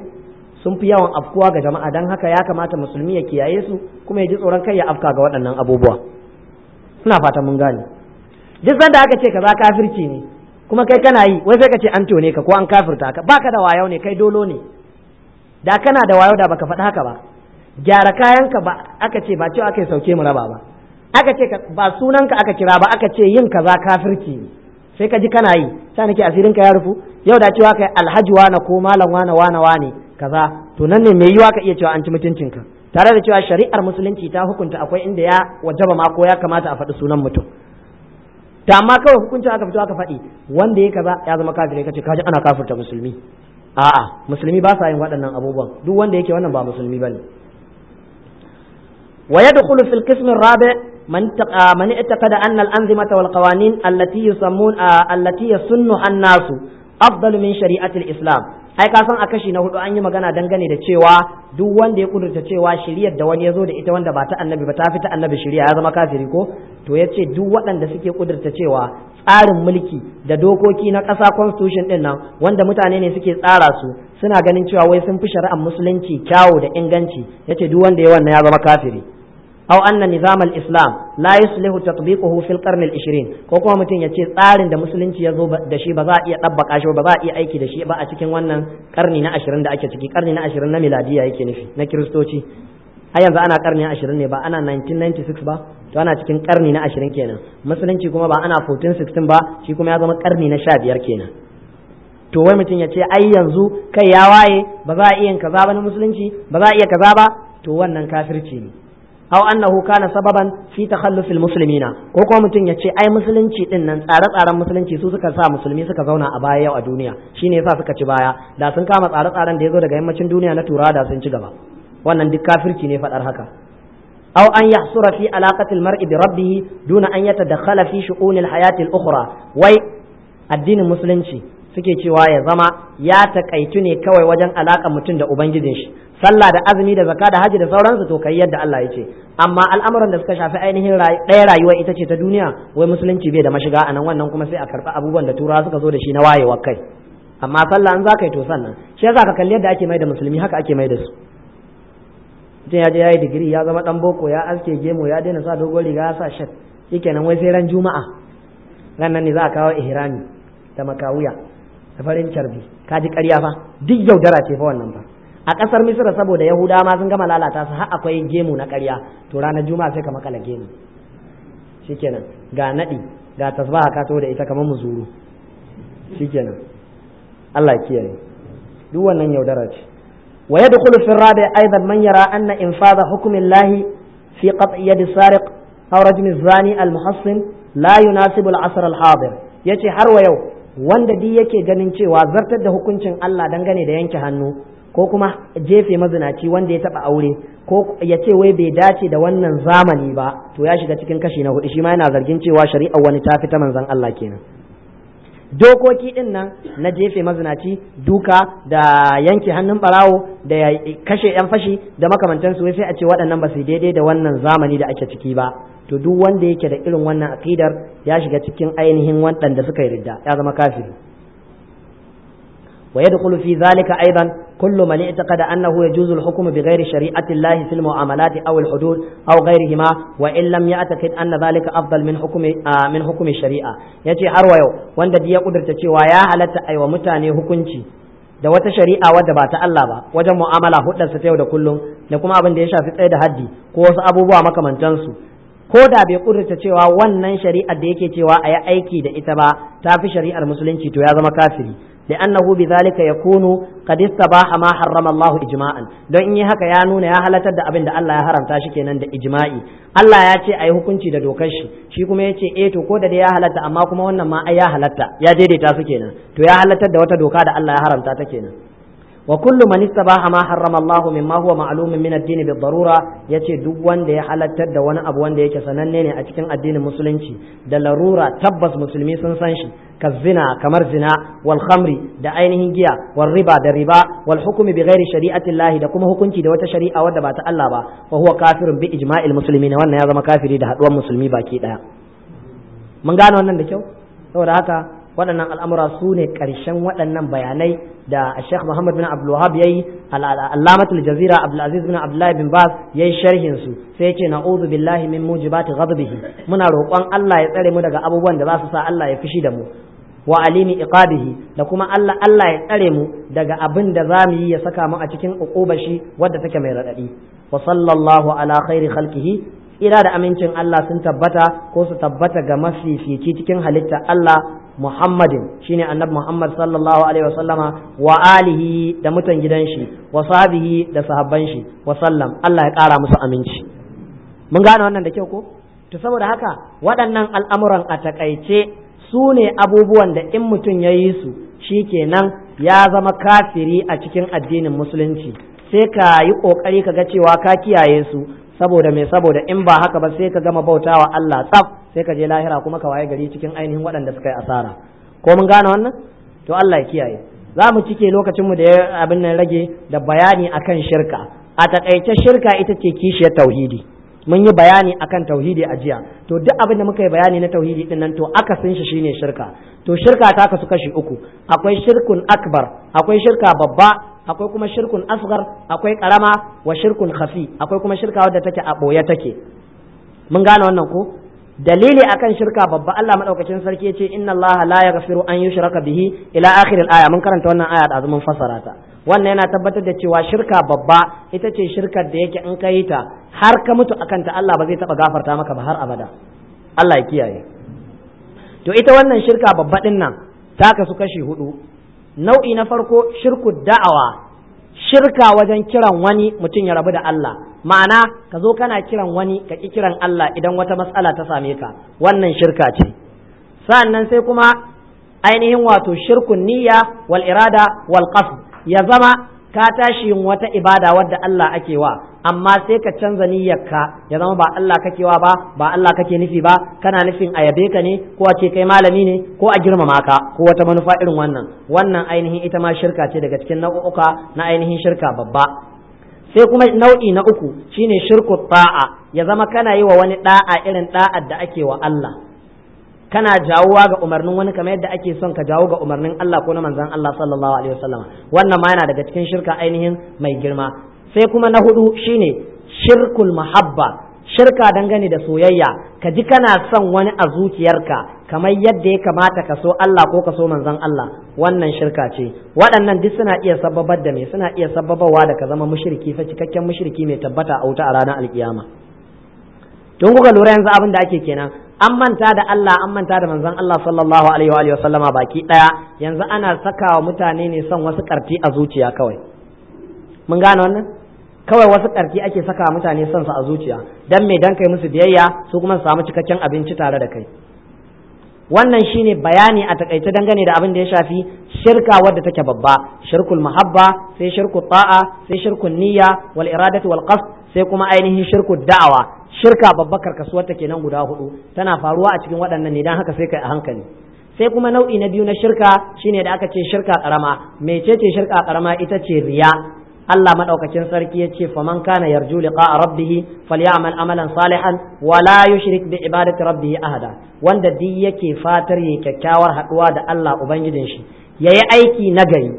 Speaker 1: sun fi yawan afkuwa ga jama'a don haka ya kamata musulmi ya kiyaye su kuma ya ji tsoron kai ya afka ga waɗannan abubuwa ina fata mun gane duk sanda aka ce ka za kafirci ne kuma kai kana yi wai sai ka ce an tone ka ko an kafirta ka baka da wayo ne kai dolo ne da kana da wayo da baka faɗi haka ba gyara kayanka ba aka ce ba cewa aka sauke mu raba ba aka ce ba sunanka aka kira ba aka ce yin kaza kafirci ne sai ka ji kana yi sai nake asirin ka ya rufu yau da cewa kai alhaji wa na ko malam na wa ne kaza to nan ne mai yiwa ka iya cewa an ci mutuncin ka tare da cewa shari'ar musulunci ta hukunta akwai inda ya wajaba ma ko ya kamata a faɗi sunan mutum ta amma kawai hukuncin aka fito aka faɗi wanda ya kaza ya zama kafirai kace kaji ana kafirta musulmi a'a musulmi ba sa yin waɗannan abubuwan duk wanda yake wannan ba musulmi bane wa yadkhulu fil qismi rabi' من من اعتقد أن الأنظمة والقوانين التي يسمون التي يسنها الناس أفضل من شريعة الإسلام ai ka san a kashi na hudu an yi magana dangane da cewa duk wanda ya kudurta cewa shiriyar da wani ya zo da ita wanda ba ta annabi ba ta fi annabi shiriya ya zama kafiri ko to ya ce duk waɗanda suke kudurta cewa tsarin mulki da dokoki na ƙasa constitution ɗin nan wanda mutane ne suke tsara su suna ganin cewa wai sun fi shari'ar musulunci kyawu da inganci ya ce duk wanda ya wannan ya zama kafiri aw anna nizam al-islam la yuslihu tatbiquhu fil qarn al-20 ko kuma mutum ya ce tsarin da musulunci ya zo da shi ba za a iya dabbaka shi ba za a iya aiki da shi ba a cikin wannan karni na 20 da ake ciki karni na 20 na miladiya yake nufi na kiristoci har yanzu ana karni 20 ne ba ana 1996 ba to ana cikin karni na 20 kenan musulunci kuma ba ana 1416 ba shi kuma ya zama karni na 15 kenan to wai mutum ya ce ai yanzu kai ya waye ba za a iya kaza ba na musulunci ba za a iya kaza ba to wannan kafirci ne aw annahu kana sababan fi takhallufil muslimina ko kuma mutum ya ce ai musulunci din nan tsare-tsaren musulunci su suka sa musulmi suka zauna a baya yau a duniya shine yasa suka ci baya da sun kama tsare-tsaren da yazo daga yammacin duniya na turawa da sun ci gaba wannan duk kafirci ne fadar haka aw an yahsura fi alaqati mar'i bi rabbih duna an yatadakhala fi shu'unil hayatil ukhra wai addinin musulunci suke cewa ya zama ya takaitu ne kawai wajen alaƙar mutum da ubangijin shi sallah da azumi da zakka da haji da sauransu to kai yadda Allah ya ce amma al'amuran da suka shafi ainihin ɗaya rayuwa ita ce ta duniya wai musulunci bai da mashiga anan wannan kuma sai a karɓi abubuwan da turawa suka zo da shi na wayewa kai amma sallah an za to sannan shi yasa ka kalli yadda ake mai da musulmi haka ake mai da su mutum ya je yayi digiri ya zama dan boko ya aske gemu ya daina sa dogon riga ya sa shat shikenan wai sai ran juma'a ran nan ne za a kawo ihrami da makawiya da farin carbi ka ji ƙarya fa duk yaudara ce fa wannan fa a ƙasar misira saboda yahuda ma sun gama lalata su har akwai gemu na ƙarya to ranar juma'a sai ka makala gemu shikenan ga naɗi ga tasbaha ka da ita kamar muzuru shikenan Allah kiyaye duk wannan yaudara ce wa yadkhulu fi rabi aidan man yara anna infada hukmin lahi fi qat'i yadi sariq aw rajmi zani al muhassin la yunasibu al asr al hadir yace har wa yau wanda di yake ganin cewa zartar da hukuncin Allah dangane da yanke hannu ko kuma jefe mazinaci wanda ya taba aure ko ya ce wai bai dace da wannan zamani ba to ya shiga cikin kashi na hudu shi ma yana zargin cewa shari'ar wani ta fita manzon Allah kenan dokoki din nan na jefe mazinaci duka da yanke hannun barawo da kashe yan fashi da makamantansu wai sai a ce waɗannan ba su daidai da wannan zamani da ake ciki ba to duk wanda yake da irin wannan aqidar ya shiga cikin ainihin waɗanda suka yi ridda ya zama kafiri wa yadkhulu fi zalika aidan kullu man i'taqada annahu yajuzu al-hukm bighairi shari'ati Allah fil mu'amalat aw al-hudud aw ghayrihima wa in lam ya'taqid anna zalika afdal min hukmi min hukmi shari'a yace har wa yau wanda ya kudurta cewa ya halatta aiwa mutane hukunci da wata shari'a wadda ba ta Allah ba wajen mu'amala hudarsa ta yau da kullum da kuma abin da ya shafi tsaye da haddi ko wasu abubuwa makamantansu ko da bai kudurta cewa wannan shari'ar da yake cewa a yi aiki da ita ba ta fi shari'ar musulunci to ya zama kafiri ya zalika kadista ba, استباح ما حرم الله ijma'an don in yi haka ya nuna ya halatar da abin da Allah ya haramta shi kenan da ijma'i Allah ya ce a yi hukunci da dokar shi shi kuma ya ce e, to ko da dai ya halatta amma kuma wannan ma ai ya halatta ya daidaita su kenan to ya halatar da wata doka da Allah ya haramta ta kenan wa kullum man istabaha ma harrama Allah mimma huwa ma'alumin min ad-din bi darura yace duk wanda ya halattar da wani abu wanda yake sananne ne a cikin addinin musulunci da larura tabbas musulmi sun san shi zina kamar zina wal khamri da ainihin giya wal riba da riba wal hukumi bi ghairi shari'ati da kuma hukunci da wata shari'a wadda ba ta Allah ba fa huwa kafirun bi ijma'il muslimin wannan ya zama kafiri da haduwan musulmi baki ɗaya. mun gane wannan da kyau saboda haka waɗannan al'amura su ne ƙarshen waɗannan bayanai da Sheikh Muhammad bin Abdul Wahab yi al'amatul jazira Abdul Aziz bin Abdullahi bin ya yi sharhin su sai ce yace na'udhu billahi min mujibati bihi muna roƙon Allah ya tsare mu daga abubuwan da za su sa Allah ya fushi da mu wa alimi iqabihi da kuma Allah Allah ya tsare mu daga abin da za mu yi ya saka mu a cikin uquba shi wadda take mai radadi wa sallallahu ala khairi khalqihi ira da amincin Allah sun tabbata ko su tabbata ga mafifici cikin halitta Allah muhammadin shine annabi muhammad sallallahu alaihi wasallama wa alihi da mutan gidan shi wa da sahabban shi wa sallam Allah ya kara musu aminci mun gane wannan da kyau ko to saboda haka waɗannan al'amuran a takaice su ne abubuwan da in mutum ya yi su kenan ya zama kafiri a cikin addinin musulunci sai ka yi ƙoƙari ka ga cewa ka kiyaye su saboda me saboda in ba haka ba sai ka gama bautawa Allah tsaf sai ka je lahira kuma ka waye gari cikin ainihin waɗanda suka yi asara ko mun gane wannan to Allah ya kiyaye za mu cike lokacin mu da abin nan rage da bayani akan shirka a takaice shirka ita ce kishiyar tauhidi mun yi bayani akan tauhidi a jiya to duk abin da muka yi bayani na tauhidi din nan to aka sun shi shine shirka to shirka ta kasu kashi uku akwai shirkun akbar akwai shirka babba akwai kuma shirkun asgar akwai karama wa shirkun khafi akwai kuma shirka wadda take a boye take mun gane wannan ko dalili akan shirka babba Allah madaukakin sarki yace inna Allah la yaghfiru an yushraka bihi ila akhir aya mun karanta wannan aya da azumin fasara ta wannan yana tabbatar da cewa shirka babba ita ce shirkar da yake in kai ta har ka mutu akan ta Allah ba zai taba gafarta maka ba har abada Allah ya kiyaye to ita wannan shirka babba din nan ta kasu kashi hudu nau'i na farko shirku da'awa shirka wajen kiran wani mutum ya rabu da Allah ma'ana ka zo kana kiran wani ka ki kiran Allah idan wata matsala ta same ka wannan shirka ce sa'annan sai kuma ainihin wato shirkun niyya wal irada wal qasd ya zama ka tashi yin wata ibada wadda Allah ake wa amma sai ka canza niyyarka ya zama ba Allah kake wa ba ba Allah kake nufi ba kana nufin a yabe ka ne ko a ce kai malami ne ko a girmama ka ko wata manufa irin wannan wannan ainihin ita ma shirka ce daga cikin nau'uka na ainihin shirka babba sai kuma nau'i na uku shine shirku ta'a ya zama kana yi wa wani da'a irin da'ar da ake wa Allah kana jawuwa ga umarnin wani kamar yadda ake son ka jawo ga umarnin Allah ko na manzon Allah sallallahu alaihi wasallam wannan ma yana daga cikin shirka ainihin mai girma sai kuma na hudu shine shirkul mahabba shirka dangane da soyayya ka ji kana son wani a zuciyarka kamar yadda ya kamata ka so Allah ko ka so manzon Allah wannan shirka ce waɗannan duk suna iya sababar da me suna iya sababawa da ka zama mushriki fa cikakken mushriki mai tabbata a wuta a ranar alkiyama tun kuka lura yanzu abin da ake kenan an manta da Allah an manta da manzon Allah sallallahu alaihi wa sallama baki daya yanzu ana sakawa mutane ne son wasu karti a zuciya kawai mun gane wannan kawai wasu ƙarfi ake saka mutane son su a zuciya don me dan kai musu biyayya su kuma su samu cikakken abinci tare da kai wannan shine bayani a takaice dangane da abin da ya shafi shirka wadda take babba shirkul mahabba sai shirkul ta'a sai shirkul niyya wal iradatu wal qasd sai kuma ainihin shirkul da'awa shirka babba karkasuwar ta nan guda hudu tana faruwa a cikin waɗannan ne dan haka sai kai a hankali sai kuma nau'i na biyu na shirka shine da aka ce shirka karama mecece shirka karama ita ce riya Allah madaukakin sarki ya yace faman kana yarju liqa rabbih falyamal amalan salihan wa la yushrik bi ibadati rabbih ahada wanda duk yake fatar yayi kyakkyawar haduwa da Allah ubangijin shi yayi aiki nagari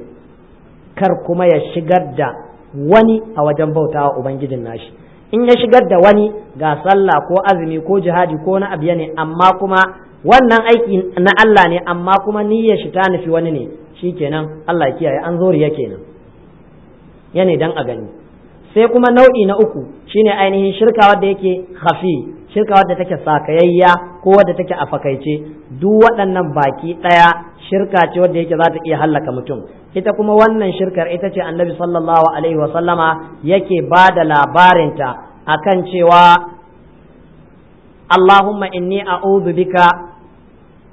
Speaker 1: kar kuma ya shigar da wani a wajen bautawa ubangijin nashi in ya shigar da wani ga sallah ko azumi ko jihadi ko na abiya ne amma kuma wannan aiki na Allah ne amma kuma niyyar shi ta nufi wani ne shikenan Allah ya kiyaye an zuriya kenan yana dan a gani sai kuma nau'i na uku shine ainihin shirka wadda yake hafi shirka wadda take sakayayya ko wadda take a fakaice duk waɗannan baki ɗaya shirka ce wadda yake za ta iya hallaka mutum ita kuma wannan shirkar ita ce annabi sallallahu alaihi wa sallama yake ba da labarinta kan cewa Allahumma inni a'udhu bika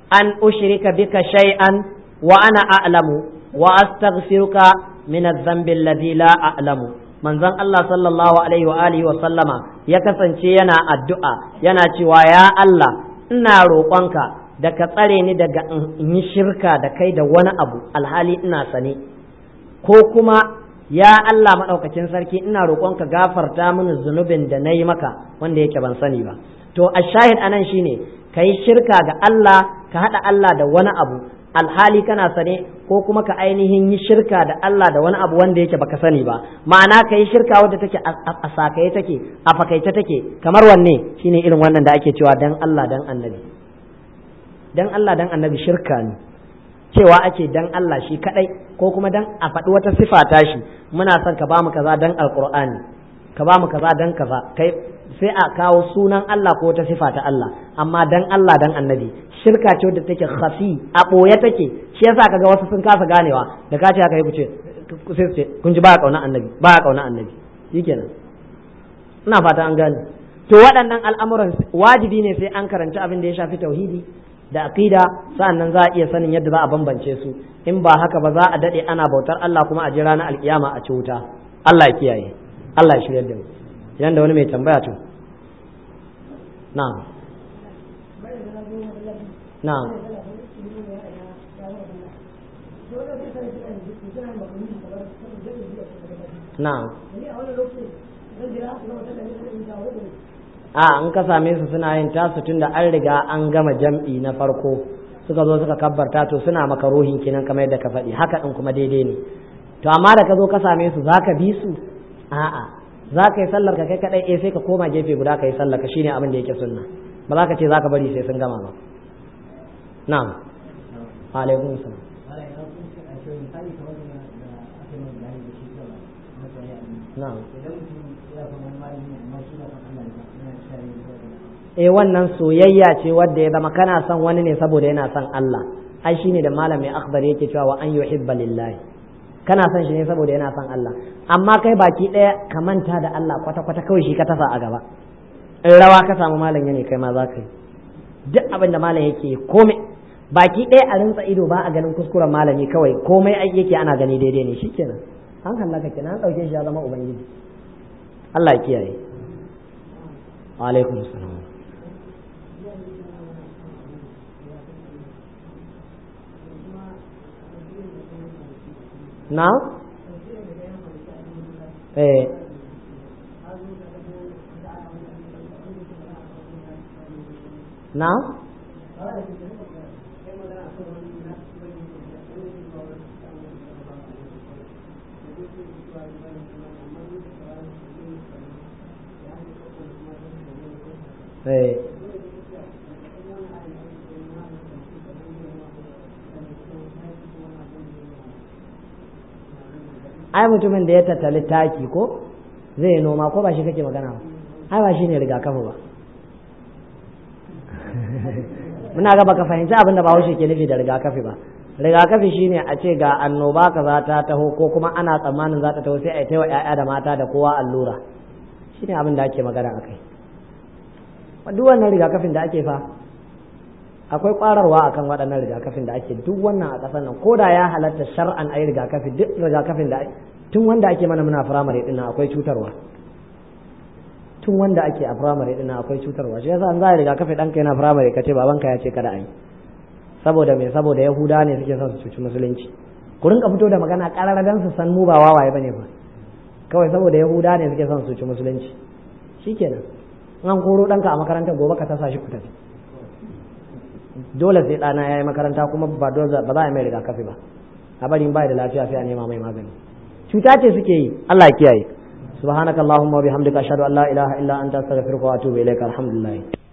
Speaker 1: an ushrika bika shay'an wa ana a'lamu wa astaghfiruka min adh-dhanbi a'lamu manzon Allah sallallahu alaihi wa wa sallama ya kasance yana addu'a yana cewa ya Allah ina roƙonka da ka tsare ni daga in yi shirka da kai da wani abu alhali ina sane ko kuma ya Allah maɗaukacin sarki ina roƙonka gafarta mini zunubin da na yi maka wanda yake ban sani ba to a shahid anan shine ka yi shirka ga Allah ka haɗa Allah da wani abu alhali kana sane ko kuma ka ainihin yi shirka da Allah da wani abu wanda yake baka sani ba ma'ana ka yi shirka wadda take a sakaye take a fakaice take kamar wanne shine irin wannan da ake cewa dan Allah dan annabi dan Allah dan annabi shirka ne cewa ake dan Allah shi kadai ko kuma dan a faɗi wata sifa ta shi muna son ka bamu kaza dan alqur'ani ka bamu kaza dan kaza kai sai a kawo sunan Allah ko wata sifa ta Allah amma dan Allah dan annabi shirka ce wadda take khafi a boye take shi yasa kaga wasu sun kasa ganewa da ka ce haka yi kuce sai su ce kun ji ba kauna annabi ba kauna annabi shikenan ina fata an gane to waɗannan al'amuran wajibi ne sai an karanci abin da ya shafi tauhidi da aqida sa'annan za a iya sanin yadda za a bambance su in ba haka ba za a dade ana bautar Allah kuma a ji ranar alkiyama a ci wuta Allah ya kiyaye Allah ya shirya da mu yanda wani mai tambaya to na'am na'am a an ah, ka same su suna yin tasu tunda an riga an gama jam'i na farko suka zo suka kabbarta to suna ruhin kinan kamar yadda ka faɗi haka ɗin kuma daidai ne to amma da ka zo ka same su za ka bi su a'a za ka yi sallar ka kai kaɗai eh sai ka koma gefe guda ka yi sallar ka shine abin da yake sunna ba za ka ce za ka bari sai sun gama ba نعم عليكم السلام na'am
Speaker 2: e wannan
Speaker 1: soyayya ce wadda ya zama kana son wani ne saboda yana son Allah ai shine da malam mai akhbar yake cewa wa an yuhibba lillahi kana son shi ne saboda yana son Allah amma kai baki daya ka manta da Allah kwata kwata kawai shi ka tafa a gaba in rawa ka samu malam ne kai ma za ka yi duk abin da malam yake kome baki ɗaya a rinsa ido ba a ganin kuskuren malami kawai komai yake ana gani daidai ne shikenan an hallaka kenan an ɗauke shi ya zama ubangiji Allah ya kiyaye wa alaikum salam na eh na Eh. ai mutumin da ya tattali taki ko zai yi noma ko ba shi kake magana ba ai ba shi ne rigakafi ba <laughs> muna ga baka fahimci abin da bahaushe ke nufi da rigakafi ba rigakafi shine a ce ga annoba ka za ta taho ko kuma ana tsammanin za ta taho sai a yi wa 'ya'ya da mata da kowa allura shine abin da ake magana a kai. duk wannan rigakafin da ake fa akwai kwararwa akan waɗannan rigakafin da ake duk wannan a ƙasar nan ko da ya halatta shar'an ayi rigakafi duk rigakafin da tun wanda ake mana muna firamare ɗin akwai cutarwa tun wanda ake a firamare ɗin akwai cutarwa shi yasa an za a rigakafi kai na firamare ka ce ka ya ce kada yi saboda me saboda yahuda ne suke son su cuci musulunci ku rinka fito da magana ƙarara dan su san mu ba wawaye bane ba kawai saboda yahuda ne suke son su cuci musulunci shikenan an koro ɗanka a makaranta gobe ka tasa shi ku dole sai ɗana ya yi makaranta kuma ba dole ba za a mai rigakafi ba a bari ba da lafiya sai a nema mai magani cuta ce suke yi Allah ya kiyaye subhanakallahumma wa bihamdika ashhadu an la ilaha illa anta astaghfiruka wa atubu ilaika alhamdulillah